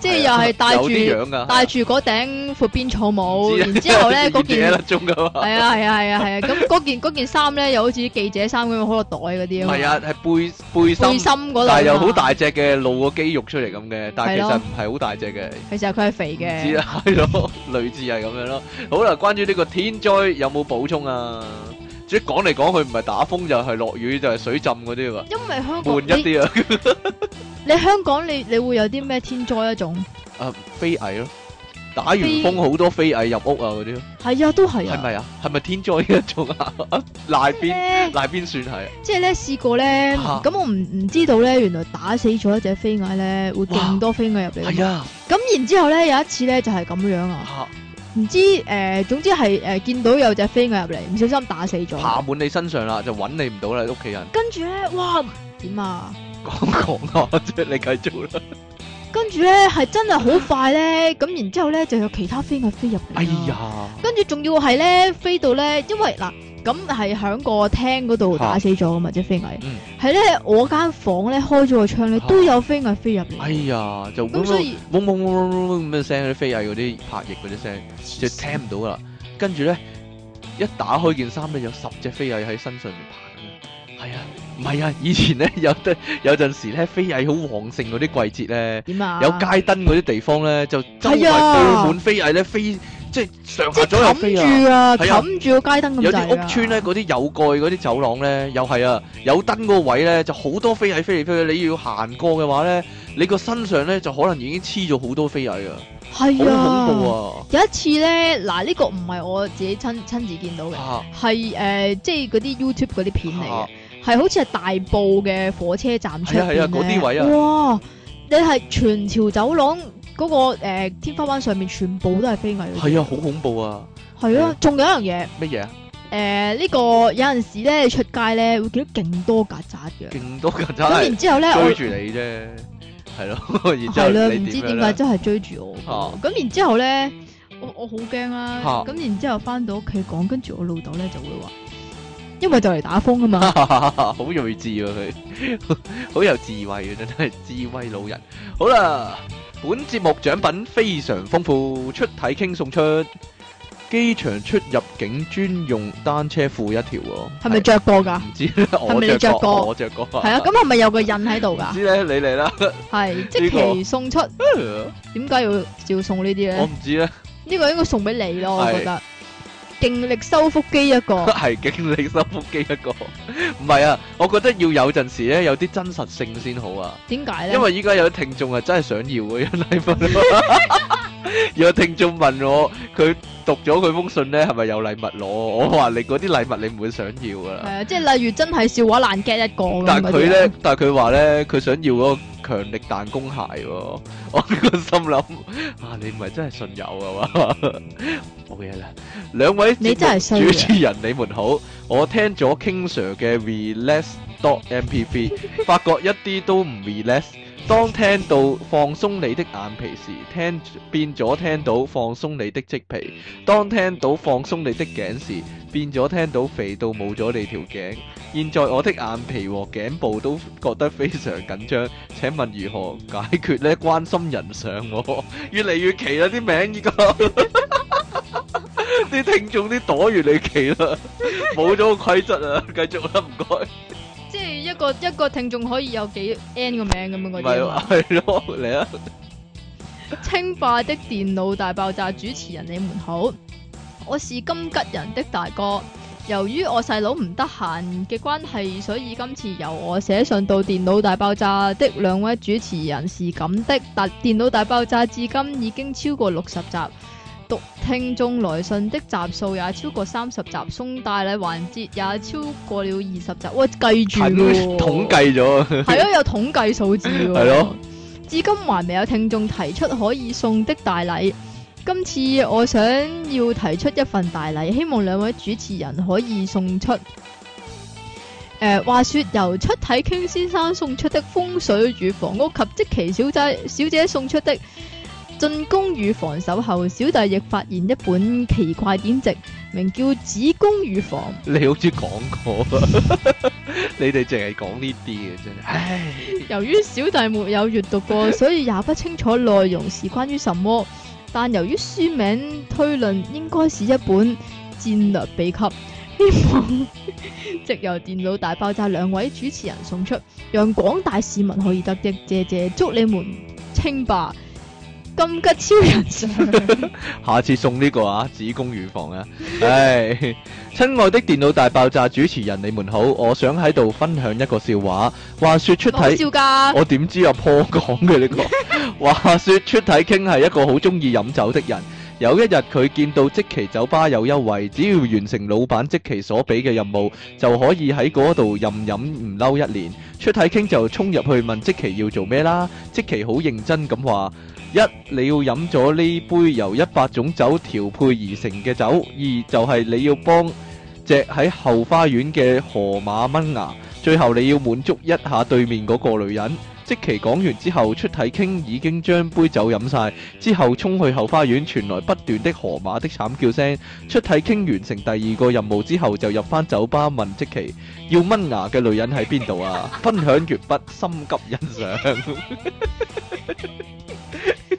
即係又係戴住、啊、戴住嗰頂闊邊草帽，然之後咧嗰件係啊係啊係啊係啊，咁嗰 件件衫咧又好似記者衫咁樣，好多袋嗰啲。係啊，係背背心嗰度，但係又好大隻嘅，露個肌肉出嚟咁嘅，但係其實唔係好大隻嘅。其實佢係肥嘅。知啦、啊，係咯，類似係咁樣咯。好啦，關於呢、這個天災有冇補充啊？即係講嚟講去唔係打風就係落雨就係水浸嗰啲啊，因為香港悶一啲 你香港你你會有啲咩天災一種？啊、呃，飛蟻咯，打完風好飛多飛蟻入屋啊嗰啲。係啊，都係啊。係咪啊？係咪天災一種 邊邊啊？賴邊賴邊算係。即係咧試過咧，咁我唔唔知道咧，原來打死咗一隻飛蟻咧，會更多飛蟻入嚟。係啊。咁然之後咧，有一次咧就係、是、咁樣啊。唔知誒、呃，總之係誒、呃、見到有隻飛蟻入嚟，唔小心打死咗，爬滿你身上啦，就揾你唔到啦，你屋企人。跟住咧，哇，點啊？講講下，即係你繼續啦。跟住咧係真係好快咧，咁 然之後咧就有其他飛蟻飛入嚟。哎呀！跟住仲要係咧飛到咧，因為嗱。咁係喺個廳嗰度打死咗啊嘛，隻飛蟻。係咧，我間房咧開咗個窗咧，都有飛蟻飛入嚟。哎呀，就咁樣嗡嗡嗡嗡嗡咁嘅聲，啲飛蟻嗰啲拍翼嗰啲聲，就聽唔到啦。跟住咧，一打開件衫咧，有十隻飛蟻喺身上面爬。係、哎、啊，唔係啊，以前咧有得有陣時咧，飛蟻好旺盛嗰啲季節咧，點、嗯、啊？有街燈嗰啲地方咧，就周圍布滿飛蟻咧飛。即係上下左右飛啊！冚住啊！冚住個街燈咁滯。有啲屋村咧，嗰啲 有蓋嗰啲走廊咧，又係啊！有燈個位咧，就好多飛蟻飛嚟飛去。你要行過嘅話咧，你個身上咧就可能已經黐咗好多飛蟻啊！係啊，好恐怖啊！有一次咧，嗱呢、呢個唔係我自己親親自見到嘅，係誒、啊呃、即係嗰啲 YouTube 嗰啲片嚟嘅，係、啊、好似係大埔嘅火車站出邊係啊，嗰啲位啊！位啊哇，你係全條走廊。嗰個誒天花板上面全部都係飛蟻，係啊，好恐怖啊！係啊，仲有一樣嘢，乜嘢？誒，呢個有陣時咧出街咧會見到勁多曱甴嘅，勁多曱甴。咁然之後咧追住你啫，係咯？係咯？唔知點解真係追住我。咁然之後咧，我我好驚啊。咁然之後翻到屋企講，跟住我老豆咧就會話，因為就嚟打風啊嘛，好睿智啊佢，好有智慧嘅，真係智慧老人。好啦。本節目獎品非常豐富，出體 King 送出機場出入境專用單車褲一條喎，係咪着過噶？唔知咧， 我着過，我着過，係啊，咁係咪有個印喺度噶？唔 知咧，你嚟啦，係 即期送出，點解 要照送呢啲咧？我唔知咧，呢 個應該送俾你咯，我覺得。 勁力收腹肌一個，係勁 力收腹肌一個，唔 係啊！我覺得要有陣時咧，有啲真實性先好啊。點解咧？因為依家有啲聽眾啊，真係想要嘅禮物。有 聽眾問我佢，讀咗佢封信咧，係咪有禮物攞？我話你嗰啲禮物你唔會想要㗎啦。係啊，即係例如真係笑話爛 get 一個。但係佢咧，但係佢話咧，佢想要嗰個強力彈弓鞋喎，哦。 我心諗啊，你唔係真係信友啊嘛？冇嘢啦，兩位你真主持人你，你們好，我聽咗 King Sir 嘅 Relax。M P V，發覺一啲都唔 relax。當聽到放鬆你的眼皮時，聽變咗聽到放鬆你的肌皮。當聽到放鬆你的頸時，變咗聽到肥到冇咗你條頸。現在我的眼皮和頸部都覺得非常緊張，請問如何解決呢？關心人上，我越嚟越奇啦啲名，呢個啲聽眾啲朵越嚟奇啦，冇咗個規則啊！繼續啦，唔該。一個一個聽眾可以有幾 N 個名咁樣嗰啲。係《清霸的電腦大爆炸》主持人你們好，我是金吉人的大哥。由於我細佬唔得閒嘅關係，所以今次由我寫信到《電腦大爆炸》的兩位主持人是咁的。但《電腦大爆炸》至今已經超過六十集。讀聽眾來信的集數也超過三十集，送大禮環節也超過了二十集。我計住咯，統計咗，係 咯，有統計數字。係咯，至今還未有聽眾提出可以送的大禮。今次我想要提出一份大禮，希望兩位主持人可以送出。誒、呃，話說由出體 king 先生送出的風水與房屋及積淇小姐小姐送出的。進攻與防守後，小弟亦發現一本奇怪典籍，名叫《子宮與防》。你好似講過， 你哋淨係講呢啲嘅真係。唉，由於小弟沒有閱讀過，所以也不清楚內容是關於什麼。但由於書名推論，應該是一本戰略秘笈。希望即 由電腦大爆炸兩位主持人送出，讓廣大市民可以得益。謝謝，祝你們清白。咁吉超人 下次送呢個啊子宮預防啊。唉、哎，親 愛的電腦大爆炸主持人，你們好。我想喺度分享一個笑話。話說出體，我點知又破講嘅呢個？ 話說出體 king 係一個好中意飲酒的人。有一日佢見到積淇酒吧有優惠，只要完成老闆積淇所俾嘅任務，就可以喺嗰度任飲唔嬲一年。出體 king 就衝入去問積淇要做咩啦？積淇好認真咁話。一你要飲咗呢杯由一百種酒調配而成嘅酒，二就係、是、你要幫隻喺後花園嘅河馬掹牙，最後你要滿足一下對面嗰個女人。積淇講完之後，出體 king 已經將杯酒飲晒，之後衝去後花園，傳來不斷的河馬的慘叫聲。出體 king 完成第二個任務之後，就入翻酒吧問積淇要掹牙嘅女人喺邊度啊？ 分享完畢，心急欣賞。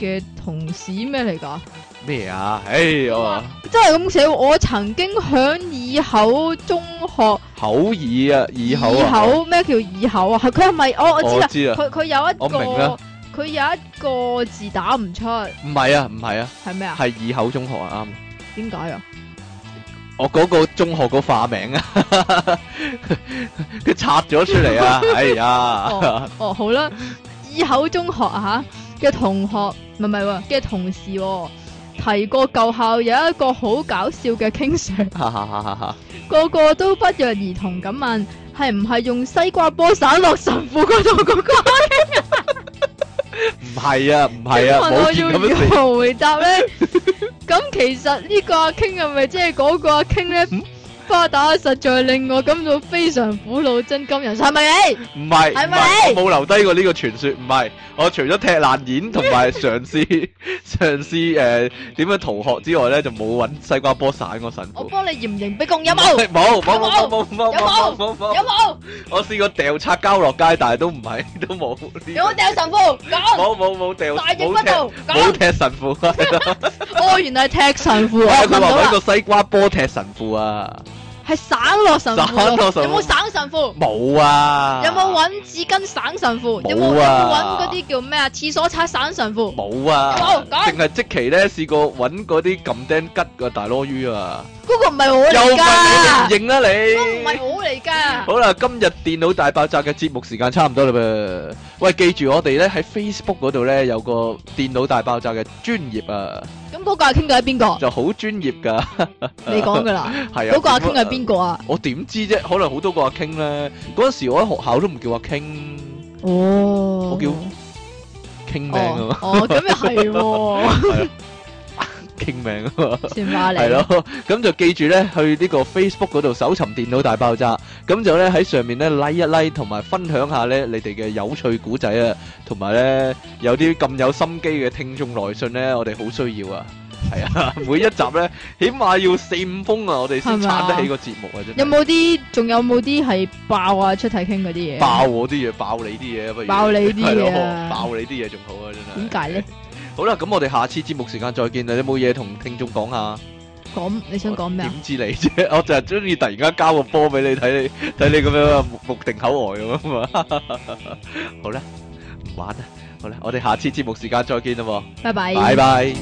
嘅同事咩嚟噶？咩啊？哎喲！真係咁寫。我曾經響二口中學口耳啊，二口二口，咩叫二口啊？佢係咪我我知啊？佢佢有一個佢有一個字打唔出，唔係啊，唔係啊，係咩啊？係二口中學啊，啱。點解啊？我嗰個中學個化名啊，佢拆咗出嚟啊！哎呀，哦好啦，二口中學啊吓。嘅同學，唔係唔係喎，嘅同事、哦、提過舊校有一個好搞笑嘅 King Sir，個個都不約而同咁問，係唔係用西瓜波散落神父嗰度嗰個 King？唔係啊，唔 係啊，啊 問我要如何回答咧？咁 其實呢個阿 King 係咪即係嗰個阿 King 咧？嗯波打實在令我感到非常苦惱，真金人係咪你？唔係是，係咪？我冇留低過呢個傳說，唔係。我除咗踢爛演同埋嘗試、嘗試誒點樣逃學之外咧，就冇揾西瓜波散個神父。我幫你嚴刑逼供有冇？冇冇冇冇冇冇冇，有冇？我試過掉擦膠落街，但係都唔係，都冇、這個。有冇掉神父，冇冇冇掉，大影冇踢神父。 哦，原來踢神父 啊！佢話搵個西瓜波踢神父啊！係省洛神褲，有冇省神褲？冇啊！有冇搵紙巾省神褲？冇啊！搵嗰啲叫咩啊？廁所擦省神褲？冇啊！淨係即期咧，試過搵嗰啲撳釘吉個大羅魚啊！嗰個唔係我嚟噶，唔認啦你，唔係我嚟噶。好啦，今日電腦大爆炸嘅節目時間差唔多啦噃。喂，記住我哋咧喺 Facebook 嗰度咧有個電腦大爆炸嘅專業啊！嗰個阿 King 到係邊個？就好專業噶， 你講噶啦。係 啊，嗰個阿 King 係邊個啊？我點知啫？可能好多個阿 King 咧。嗰陣時我喺學校都唔叫阿 King，哦，我叫 King 名啊。哦、 啊，咁又係。傾命啊嘛，係咯，咁就記住咧，去呢個 Facebook 嗰度搜尋電腦大爆炸，咁就咧喺上面咧 like 一 like，同埋分享下咧你哋嘅有趣古仔啊，同埋咧有啲咁有心機嘅聽眾來信咧，我哋好需要啊。係啊，每一集咧起碼要四五封啊，我哋先撐得起個節目啊，真係。有冇啲？仲有冇啲係爆啊？出體傾嗰啲嘢。爆我啲嘢，爆你啲嘢不如。爆你啲嘢啊！爆你啲嘢仲好啊，真係。點解咧？好啦，咁我哋下次節目時間再見啦，你有冇嘢同聽眾講下？講你想講咩？點知嚟啫？我就係中意突然間交個波俾你睇，你睇你咁樣目定口呆咁啊！好啦，唔玩啦，好啦，我哋下次節目時間再見啦，拜拜，拜拜。